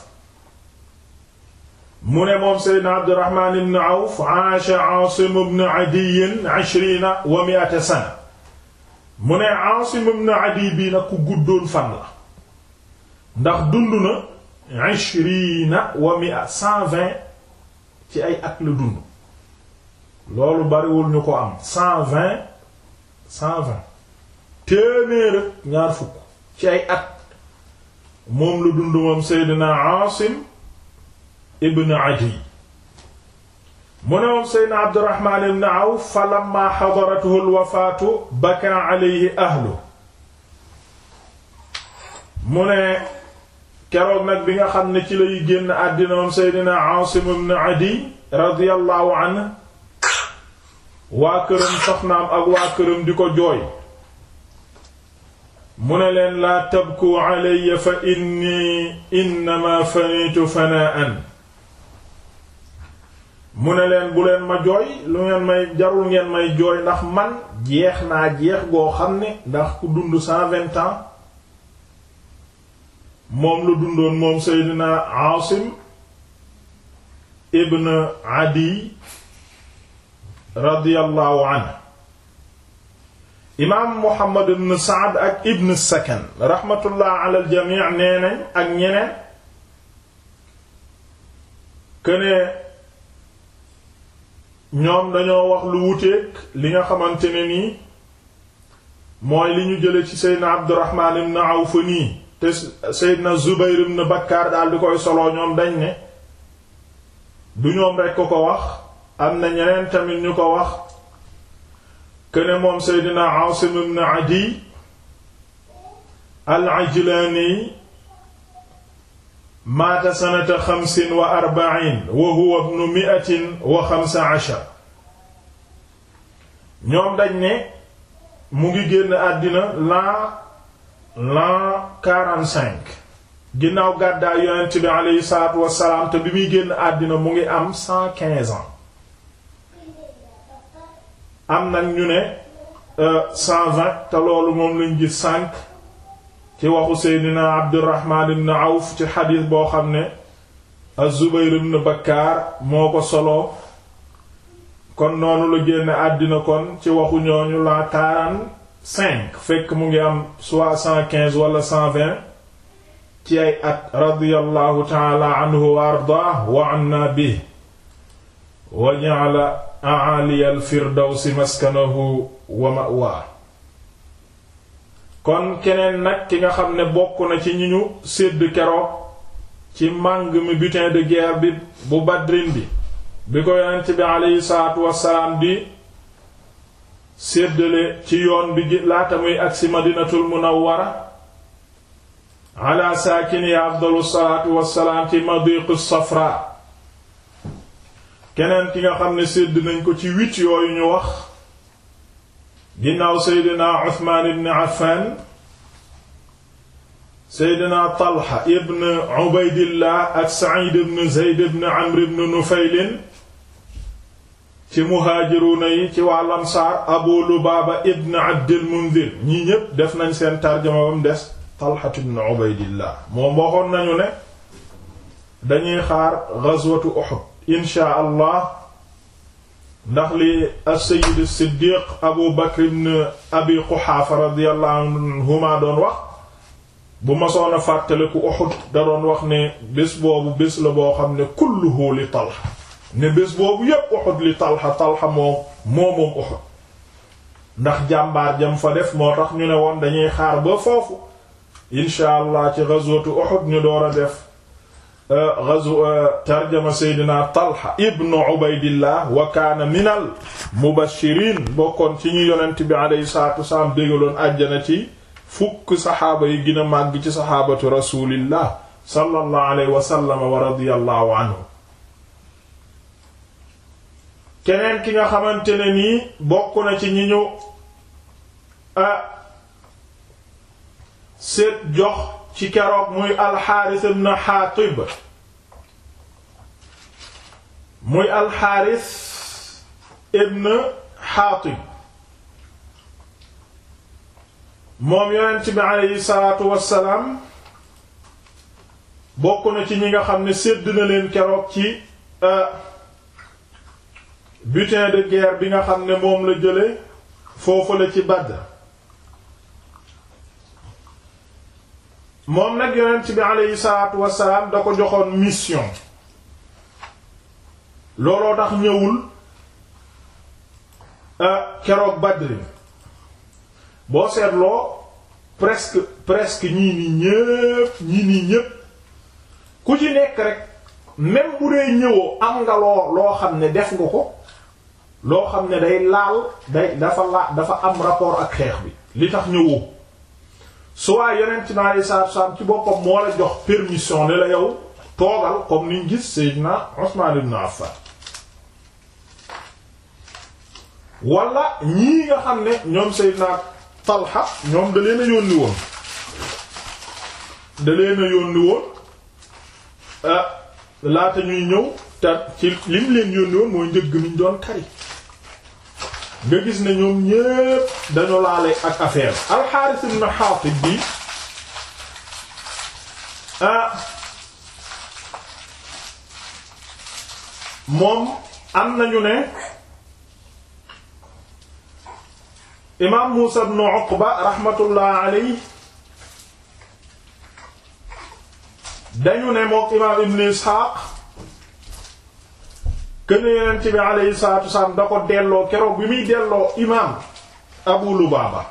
mu ne moom seydna abdurahman ibn awf aasha aasim ibn adiyin ashrina wa mi'ata sana mu ne aasim ibn adiy bi nag ku guddoon fan la ndax dund na ashrina wa mi'a cent ci ay at la dund loolu bariwul ñu ko am téeméer ak ñaar fukk ci ay at moom la dund moom Seydina Asim ibn Adi mu ne moom Seydina Abdurrahman ibn Awf falamma hadarathu al-wafaatu baka alayhi ahlu mu ne keroog nag bi nga xam ne ci lay génn àddina moom Seydina Asim ibn Adi radiyallahu anhu waa këram soxnaam ak waa këram di ko jooy mu ne leen laa tabku alayya fa inni innama fanitu fanaan mu ne leen bu leen ma jooy lu ngeen may jarul ngeen may jooy ndax man jeex naa jeex goo xam ne ndax ku dund cent vingt ans moom lu dundoon moom Seydina Aasim ibn Adi radiyallahu anhu imaam Muhammad ibn Saad ak ibn Sakan rahmatullah ala jamii nee ak ñeneen këne ñoom dañoo wax lu wuteeg li nga xamante ne nii mooy li ñu jële ci Seydina Abdurrahman ibn Awf nii te Seydina Zubayr ibn Bakkar daal di koy solo ñoom dañ ne du ñoom rekk ko ko wax am na ñeneen tamit ñu ko wax këne moom seydina Aasim ibn Adiy al-Ajlaani maata sanata xamsin wa arba'iin wa huwa ibnu wa xamsa ashar ñoom dañ ne mu ngi génn àddina l'an l'an quarante-cinq ginnaaw gàddaay yonent bi aleyhi salaatu wassalaam te bi muy génn àddina mu ngi am cent quinze am nag ñu ne euh, cent te loolu moom lañ gis sànk ci waxu seydina abdurrahman ibn awf ci xadiis boo xam ne az-zubayr bakkaar moo ko solo kon noonu la génn àddina kon ci waxu ñooñu la quarante-cinq fekk mu ngi am soit wala ci ay at radiyallahu taala anhu wa ardaah wa anna bi wa ja'ala aaliyal firdawsi kon keneen nag ki nga xam ne bokk na ci ñu ñu sédd ci màng mi butin de guerre bi bu badrin bi bi ko yonent bi aleyhi salaatu wassalaam di séddale ci yoon bi laata muy agsi madinatul munawwara ala saakini afdalu salaatu wassalaam ci madiqu safra keneen ki nga xam ne sédd nañ ko ci huit yooyu ñu wax ginnaaw seydina Usmaan ibn Affan seydina Talha ibn Ubaydillah ak Sa'id ibn Zayd ibn Amr ibn Nufaylin ci muhaajiruna yi ci waa Ansaar Abu Lubaaba ibn Abdil Munzir ñi ñépp def nañ seen tarjama bam des Talha ibn Ubaydillah moom waxoon nañu ne dañuy xaar gazwatu Uhud insha allah ndax li as-sayyid siddiq abu bakr ibn abi quxaafa radiyallahu anhuma doon wax bu masoon a fàttaliku Uhud da doon wax ne bés boobu bés la boo xam ne kulluhu li Talha ne bés boobu yépp Uhud li Talha Talha moom moo moom Uhud ndax jàmbaar jam fa def moo tax ñu ne woon dañuy xaar ba foofu insha allah ci ghazwatu Uhud ñu door a def gazu euh, euh, tarjama seydina talha ibnu ubaydillah wa kaana minal mubashirin bokkoon ci ñu yonent bi alayhi salatu wasalaam bégaloon àjjana ci fukk saxaaba yi gën a ci saxaabatu rasulillah sallallahu alayhi wa wa radiyallahu anhu keneen ki nga xamante ne nii bokk na ci ñu a euh, seet jox ci keroog muy alxaaris ibn xaatib muy alxaaris ibn xaatib moom yonent bi aleyhi salaatu wassalaam bokk na ci ñi nga xam ne sédd na leen keroog ci euh, butin de guerre bi nga xam ne moom la jële foofu la ci Badr moom nag ci bi aleyhi salaatu wasalaam da ko joxoon mission looloo tax ñëwul euh, keroog Badr boo seetloo presque presque ñii nii ñépp ñii nii ñépp ku ci nekk rek même bu dee ñëwoo am nga loo loo xam ne def nga ko loo xam ne day laal dafa laa dafa am rapport ak xeex bi li tax ñëwoo su waa yonent bi alei salatu salaam ci boppam moo la jox permission ne la yow toogal comme niñ gis Seydina Usman ibn Affan wala ñii nga xam ne ñoom Seydina Talha ñoom da leen a yónni woon da leen yónni woon euh, laata ñuy ñëw te ci lim leen yónni woon mooy njëgg miñ doon kari nga gis ne ñoom ñépp dañu laale ak affaire alxaaris ibn Xaatib bi ah, moom am nañu ne imaam Muusa ibn Uqba rahmatullah alayhi dañu ne moom imaam ibn Isxaaq kën yonent bi alayhi salaatu da ko delloo keroog bi muy delloo imaam abu lubaaba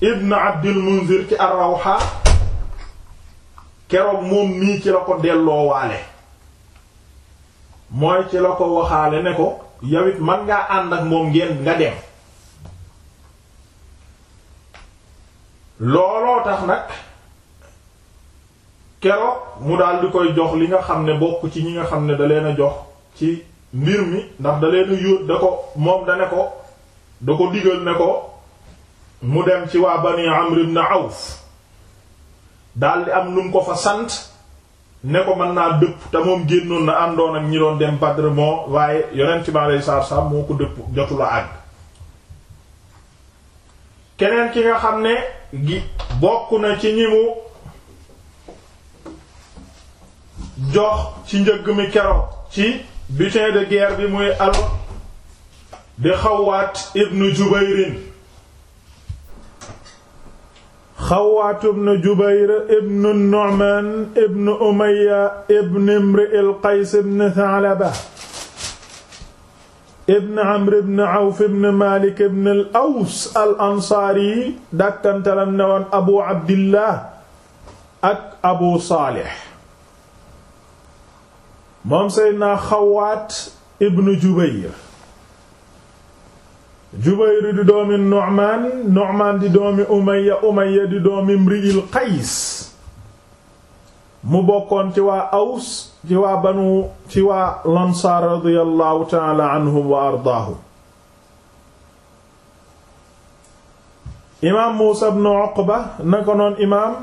ibn abdil munzir ci ar-rawha keroog moom mii ci la ko delloo waale mooy ci la ko waxaale ne ko yawit man ngaa ànd ak moom ngeen nga dem looloo tax nag keroog mu daal di koy jox li nga xam ne bokk ci ñi nga xam ne da leen a jox ci mbir mi ndax da leen yóot da ko moom da ne ko da ko digal ne ko mu dem ci waa bani Amr ibn Awf daldi am nu ko fa sant ne ko mën naa dëpp te moom génnoon na àndoon ak ñi doon dem Badr moo waaye yonent bi alayhi salaatu salaam moo ko dëpp jotula àgg keneen ki nga xam ne gi bokk na ci ñi mu jox ci njëgg mi keroog ci butin de guerre bi muy al di xawaat ibnu jubayrin xawaat ibnu jubayr ibnu nu'man ibnu umayya ibnu imri'il qays ibnu tha'laba ibn amr ibn awf ibn malik ibn al aws al ansaari dàkkantalam ne woon abu abdillah ak abu saalih moom seydna xawaat ibn jubayr jubayr di doomi nu'man nu'man di doomi umayya umayya di doomi imri'il qays mu bokkoon ci waa aws ci waa banu ci waa lansaar radiyallahu taala anhum wa ardaahum imaam muusa ibn uqba na ko noon imaam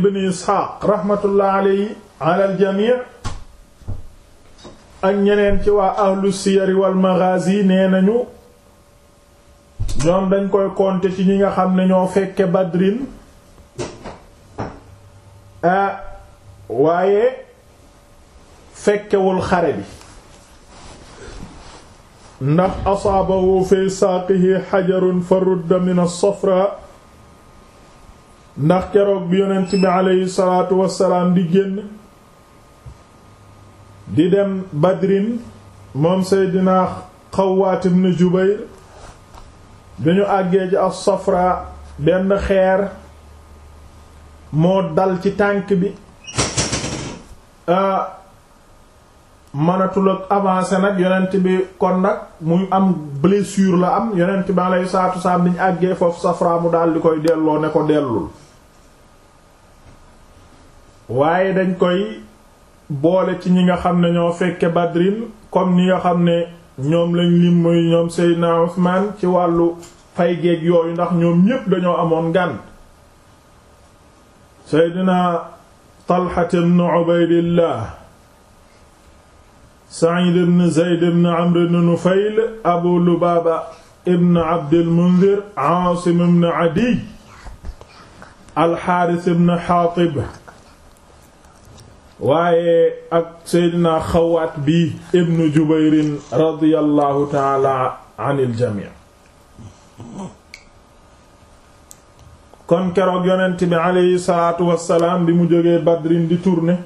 ibn isxaaq raxmatullah alayhi ala al jamii ak ñeneen ci waa ahlu siyari wal maghazi nee nañu ñoom dañ koy compter ci ñi nga xam ne ñoo fekke badrin ah waaye fekkewul xare bi ndax asaabahu fi saaqihi xajarun fa rudda min as-safra ndax keroog bi yonent bi aleyhi salaatu wassalaam di génn di dem badrin moom seydina xawaat ibn jubayr bi ñu àggee ci as-safra benn xeer moo dal ci tànk bi euh, mënatul ak avancé nag yonent bi kon nag muy am blessure la am yonent bi alayhi salaatu wasalaam biñ àggee foofu safra mu daal di koy delloo ne ko dellul waaye dañ koy boole ci ñi nga xam ne ñoo fekke badrin comme ni nga xam ne ñoom lañ lim muy ñoom Seydina Usmaan ci wàllu fay géeg yooyu ndax ñoom ñépp dañoo amoon ngan Seydina Talha ibn Ubaydillah Sa'id ibn Zayd ibn Amr ibn Nufayl Abu Lubaba ibn Abdil Munzir Aasim ibn Adiy Al ibn Haatib waaye ak seydina xawaat bi ibnu jubayrin radiyallahu taala anil jamii kon keroog yonent bi aleyhi wassalaam bi mu jógee badrin di tourner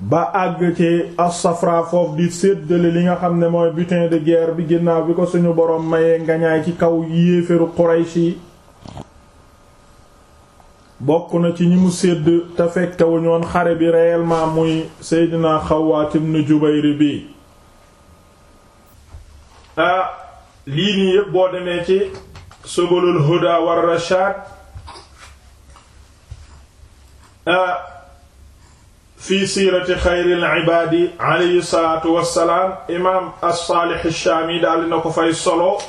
ba àgg ci as foofu di séddale li nga xam ne mooy butin de guerre bi ginnaaw bi ko suñu boroom mayee ngañaay ci kaw yéeféru Quraysh yi bokk na ci ñi mu sédd te fekkewu xare bi réellement muy Seydina Xawaat ibn Jubayr bi ah lii yépp boo demee ci Subulul Huda war Rashad ah fii siirati xayril ibaadi alayhi salaatu wassalaam imaam as-Saalih ash-Shaami daal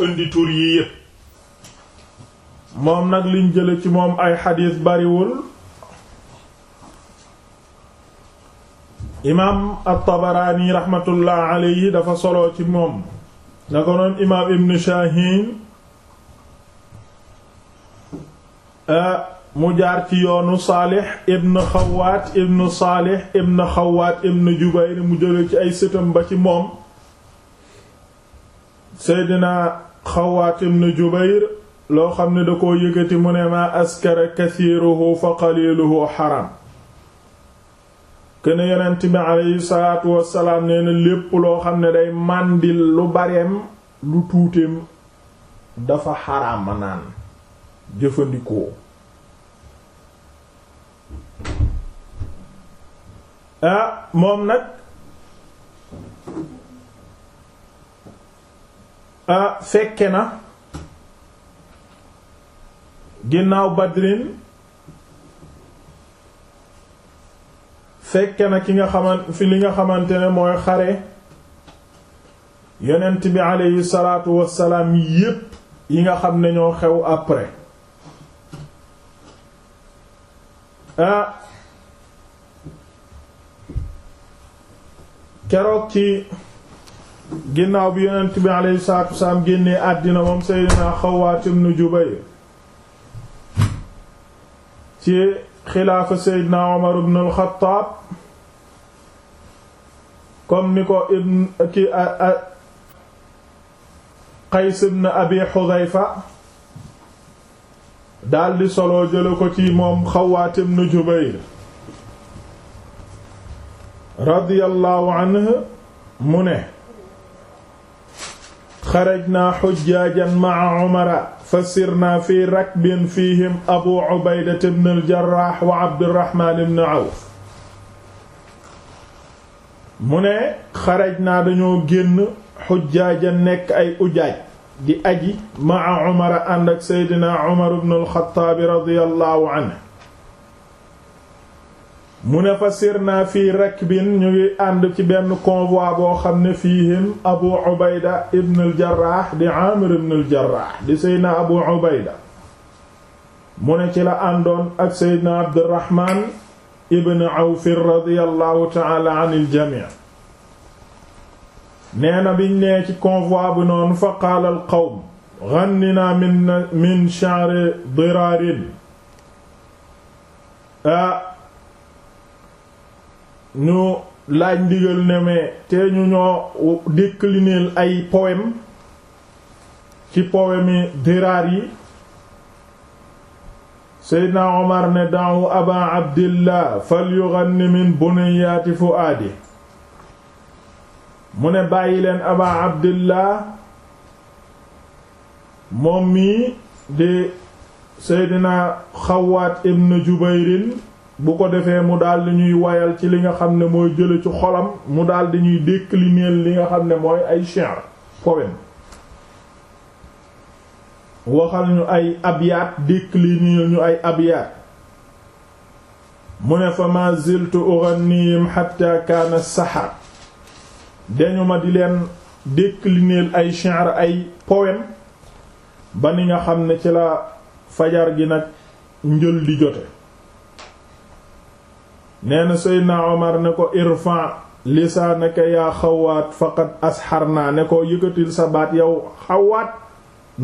indi tur yi yépp moom nag liñ jële ci moom ay xadiis bariwul imaam at-Tabaraani raxmatullah alayhi dafa solo ci moom na ko noon imaam ibn Shaahin mu jaar ci yoonu Saalix ibn Xawaat ibn Saalix ibn Xawaat ibn Jubayr mu jële ci ay sëtam ba ci moom Seydina Xawaat ibn Jubayr loo xam ne da ko yëkkati mu ne maa askara kathiruhu fa qaliluhu xaram kene yonent bi aleyhi salaatu wassalaam nee na lépp loo xam ne day màndi lu bareem lu tuuteem dafa xaraama naan jëfandikoo ah moom nag ah fekke na ginnaaw badrin fekke na ki nga xamante fi li nga xamante ne mooy xare yonent bi aleyhi salaatu wassalaam yépp yi nga xam ne ñoo xew après ah keroog ci ginnaaw bi yonent bi aleyhi salaatu wassalaam génnee àddina moom Seydina Xawaat ibn Jubayr ci xilaafa seydna Umar ibn al-Khattab ni ko ibn ki Qays ibn Abi Hudhayfa daldi solo jële ko ci moom Xawaat ibn Jubayr radiyallahu anhu mu ne xarajna hujjaajan ma'a Umara fassirnaa fi rakbin fihim abu ubaydata ibn al-jarrah wa abdurrahman ibn awf mu ne xaraj naa dañoo génn xujjaaja nekk ay ujaaj di aji maa umara ànd ak seydina umar ibn al-xattaab radiyallahu anhu mu ne fa sirna fii ñu ngi ànd ci benn convoi boo xam ne fiihim abu ubayda ibn al di amir ibn al di seydna abu ubayda mu ne ci la àndoon ak seydna abdirahman ibn awf radiallahu taala an il jamii nee ci convoi noonu fa qaala al qawm min min sha'ri diraarin ah, ñu laaj ndigal ne mais te ñu ñoo décliner ay poème ci poème yi diraar yi seydna omar ne daawu aba abdillah fal yughanni min buniyati fuaadi mu ne bàyyi leen aba abdillah moom mii di seydna xawaat ibn jubayrin bu ko defee mu daldi ñuy wayal ci li nga xam ne mooy jële ci xolam mu daldi di ñuy décliner li nga xam ne mooy ay shi'r poème waxal ñu ay abyaat décliner ñu ay abyaat mu ne fa ma ziltu ughannihim hatta dañu ma di leen décliner ay shi'r ay poème ba ni nga xam ne ci la fajar gi nag njël di jote nee na Seydina Omar ne ko irfa lisaanaka yaa xawaat faqad asxar naa ne ko yëkkatil sa baat yow xawaat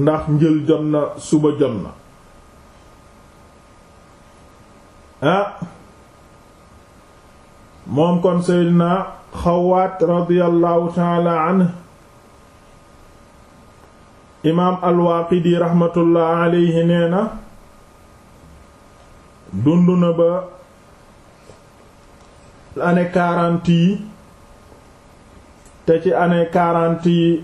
ndax njël jot na suba jot na ah moom kon Seydina xawaat radiyallahu taala anhu imaam al-Waaqidi alayhi nee na dund na ba année quarante yi te ci année quarante yi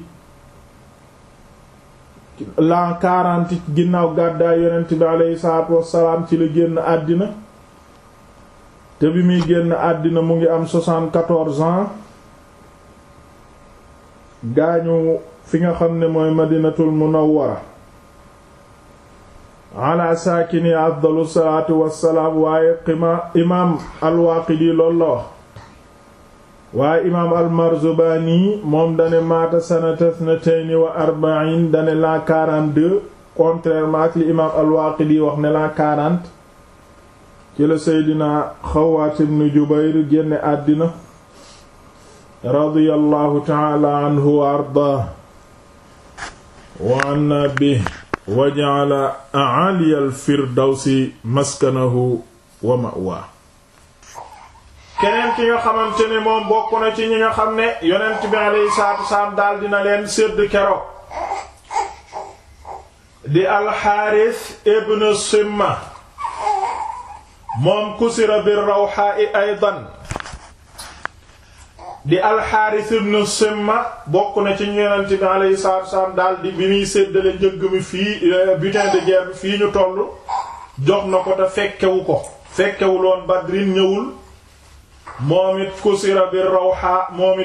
l'an quarante ginnaaw gàddaay yonent bi aleyhi salaatu ci la génn àddina te bi muy génn àddina mu ngi am soixante-quatorze ans gaañu fi nga xam ne mooy madinatul munawwara ala saakini afdalu salaatu wassalaam waaye imaam al-Waaqidi wax waaye imaam al moom dane maata sanata wa arba'iin dane l'an 42 contrairement li imaam al wax ne l'an ci la Seydina Xawaat ibn Jubayr génne àddina radiyallahu ta'ala anhu wa ardaa wa anna bihi wa ja'ala a'ali al-firdawsi maskanahu wa ma'wa keneen ki nga xamante ne moom bokk na ci ñi nga xam ne yonent bi alayhi salaatu wasalaam daal leen sédd keroog di alxaaris ibn simma moom kusira bir rawxaa i aydan di alxaaris simma bokk na ci ñu yonent bi alayhi salaatu wassalaam bi muy séddale njëgg mi fii euh, butin de bi fii ñu toll jox na ko te fekkewu ko fekkewuloon badrin ñëwul moom it kusira bi rawha moom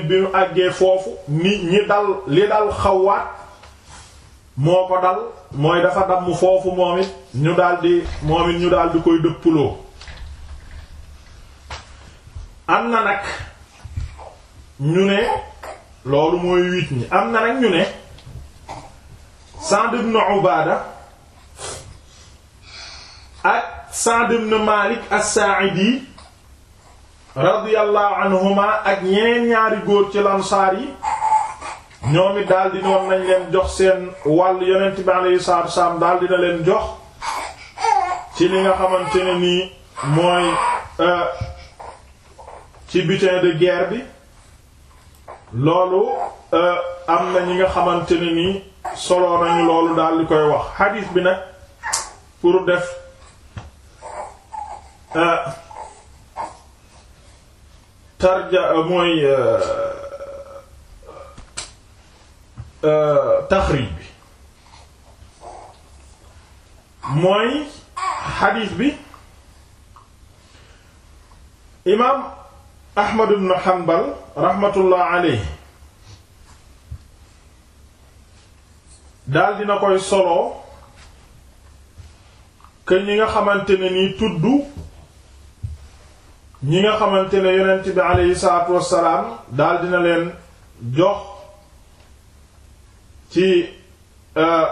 moo ko dal mooy dafa damm foofu moom ñu daal di ñu daal koy dëpploo am na nag ñu ne loolu mooy huit ñi am na nag ñu ne Sa'd ibn Ubaada ak Sa'd ibn Maalik as-Saa'idi radiyallahu anhuma ak ñeneen ñaari góor ci lansaar yi ñoom it daal di noon leen jox seen wàll yonent bi alayhi salaatu wassalaam daal dina leen jox ci li nga xamante ne nii mooy euh, ci butin de guerre bi loolu euh, am na ñi nga xamante ne ni solo nañu loolu daal di koy wax xadiis bi nag pour def euh, tarja euh, mooy taxrij bi mooy xadiis bi imaam Ahmad ibn Hanbal rahmatullah alayhi daal dina koy solo que ñi nga xamante ne nii tudd ñi nga xamante ne yonent bi aleyhi salaatu wassalaam daldi na leen jox ci euh,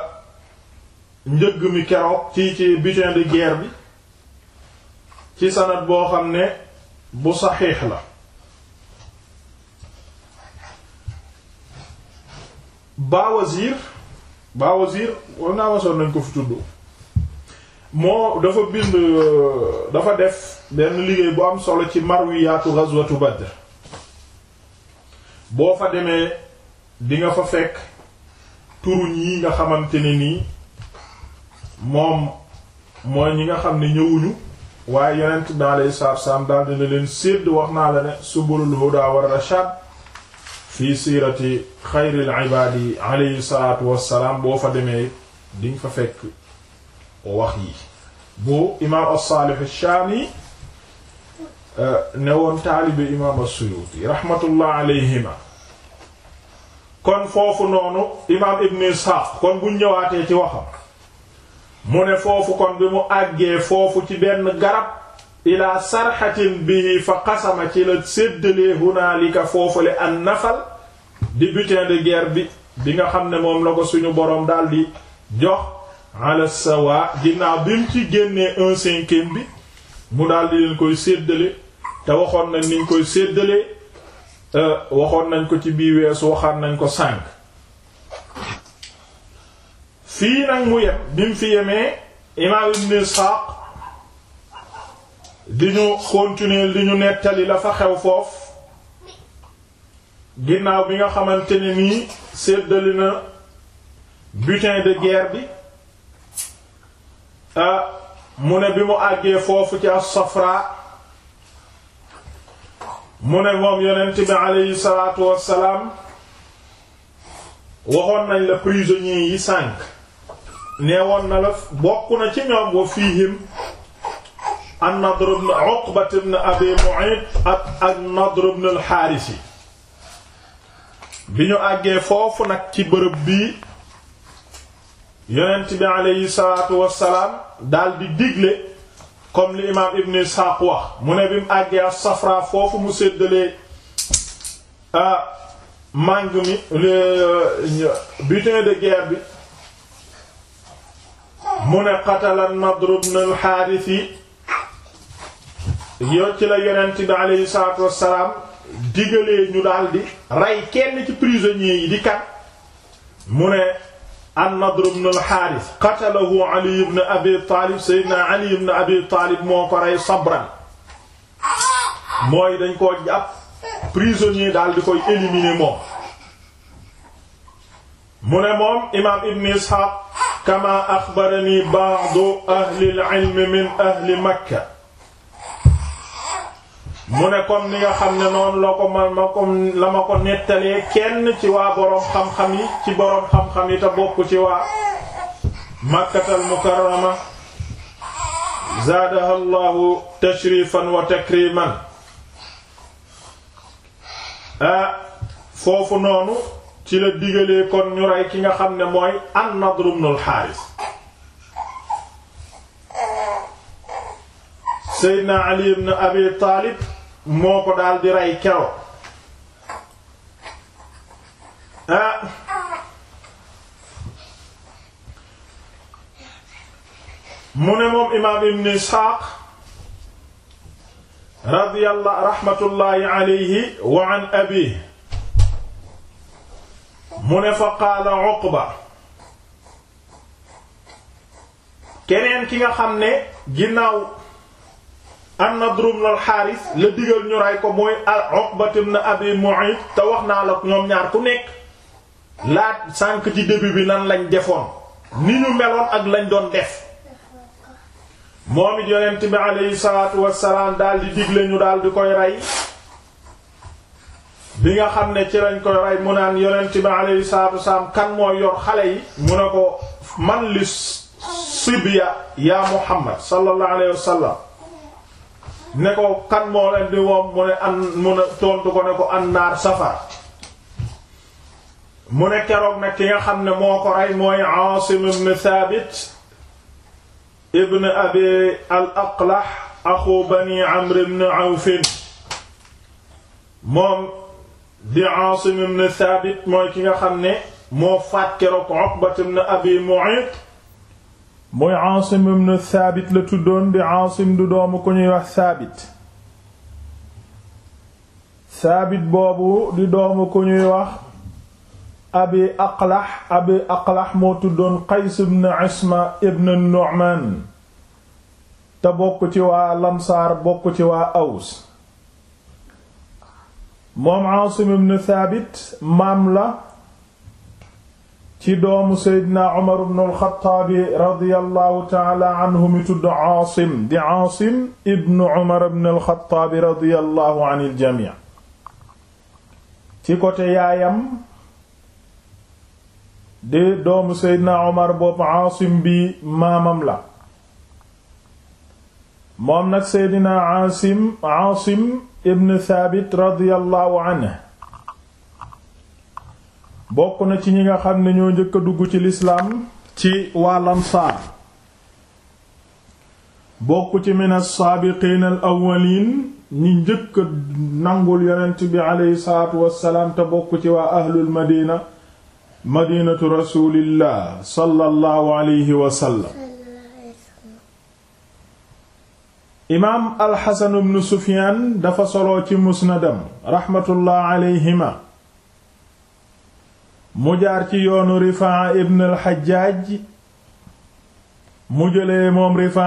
njëgg mi keroog ci ci butin de guerre bi ci sanad boo xam ne bu saxiix la Bawazir Bawazir war naa wasoon nañ ko fi tudd moo dafa bind euh, dafa def benn liggéey bu am solo ci marwiyaatu ghazwatu Badr boo fa demee di nga fa fekk turu ñi nga xamante ni nii moom mooy ñi nga xam ne ñëwuñu waaye yonent bi alayhi salaatu wa salaam dina leen sédd wax naa la ne subulul huda war rashad fii siirati xayril ibaadi alayhi salaatu wassalaam boo fa demee diñ fa fekk wax yi bu imaam as-Saalih ash-Shaami eh, ne woon taalibe imaam as-Suyuuti rahmatullah alayhima kon foofu noonu imaam Ibn Isxaaq kon buñ ñëwaatee ci waxam mu ne foofu kon bi mu àggee foofu ci benn garab ilaa sarxatin bi fa qasama ci la séddalee hunaalika foofale an nafal di butin de guerre bi bi nga xam ne moom la ko suñu boroom daldi jox ala sawa ginnaaw bi mu ci génnee un cinquième bi mu daal leen koy séddale te waxoon nañ niñ koy séddalee euh, waxoon nañ ko ci bii weesu waxaat nañ ko sànq fii nag mu yem bi mu fi yemee imaam ibn Isxaaq di ñu continuer di ñu nettali la fa xew foofu ginnaaw bi nga xamante ni nii séddali na butin de guerre bi ah mu ne bi mu àggee foofu ci as sofra mu ne moom yonent bi aleyhi salaatu wassalaam waxoon nañ la prisonniers yi sànq nee woon na la bokk na ci ñoom wa fiihim an-Nadr ibn Uqba ibn Abi Mu'ayt an-Nadr ibn al bi ñu àggee foofu nag ci bërëb bii yonent bi aleyhi salaatu wassalaam daal di digle comme li imaam Ibn Isxaaq wax mu ne bi mu àggee as-Safra foofu mu séddalee ah màng mi euh, butin de guerre bi mu ne qatala an-Nadr ibn al yoo ci la yonent bi aleyhi salaatu wassalaam digalee ñu daldi rey kenn ci prisonniers yi di kat mu ne an-Nadr ibn al-Haaris qatalahu Ali ibn Abi Taalib Seydina Ali ibn Abi Taalib moo ko rey sabran mooy dañ koo jàpp prisonnier daldi koy éliminer moom mu ne moom imaam Ibn Isxaaq kama axbarani ba'du ahli al min ahli Makka mu ne comme ni nga xam ne noonu la ko ma ma la ma ko nettalee kenn ci waa boroom xam-xam yi ci boroom xam-xam yi te bokk ci waa Makkatal Mukarrama zaadaha Allahu tashrifan wa takriman ah, foofu noonu ci la digalee kon ñu rey ki nga xam ne mooy an-Nadr ibn al-Haaris Ali ibn Abi Taalib moo ko daal di rey keroog ah mu ne moom imaam ibn isxaaq radiyallahu raxmatullaahi alayhi wa an mu ne fa qaala uqba keneen ki nga xam ne ginnaaw am na ibn al la digal ñu rey ko mooy Uqbat ibn Abi Mu'ayt te wax naa la ñoom ñaar ku nekk laat sànq ci début bi nan lañ defoon ni meloon ak lañ doon def moom it yonent bi aleyhi salaatu wassalaam daal di digle ñu daal di koy rey bi nga xam ne ci lañ koy rey mu naan yonent bi aleyhi salaatu wassalaam kan mooy yor xale yi mu ne ko man li sibya ya Muhammad sallallahu alayhi wasallam ne ko kan moo leen di woom mu ne an mu ne tontu ko ne ko an safar mu ne keroog nag ki nga xam ne moo ko rey mooy Aasim ibn Thabit ibn Abi al-Aqlah axu Bani Amr ibn Awf moom di Aasim ibn Thabit mooy ki nga xam ne moo faat keroog Uqba ibn Abi Mu'ayt muy Aasim ibn Thaabit la tuddoon di Aasim du doomu ku ñuy wax Thaabit Thaabit boobu di doomu ku ñuy wax Abi Aqlax Abi Aqlax moo tuddoon Qays ibn ibn Nu'man te bokk ci waa Lamsaar bokk ci waa Aws moom Aasim ibn maam la ci doomu seydina umar bnu alxataabi radiallahu taala anhu mi tudd aasim di aasim ibnu umar bnu alxataabi radiallahu an iljami ci côté yaayam di doomu seydina umar boobu aasim bi maamam la moom nag seydina aasim aasim ibnu thaabit radiallahu anhu bokk na ci ñi nga xam ne ñoo njëkk a dugg ci lislaam ci waa lansaar bokk ci min as-saabiqiin al awwaliin ñi njëkk a nangul yonent bi aleyhi salaatu wassalaam te bokk ci waa ahlul madina madinatu rasulillah sallallahu alayhi wa imaam alxasan bnu sufyaan dafa soloo ci musnadam raxmatullah alayhima mu jaar ci yoonu Rifaa ibn al-Hajjaaj mu jëlee moom Rifaa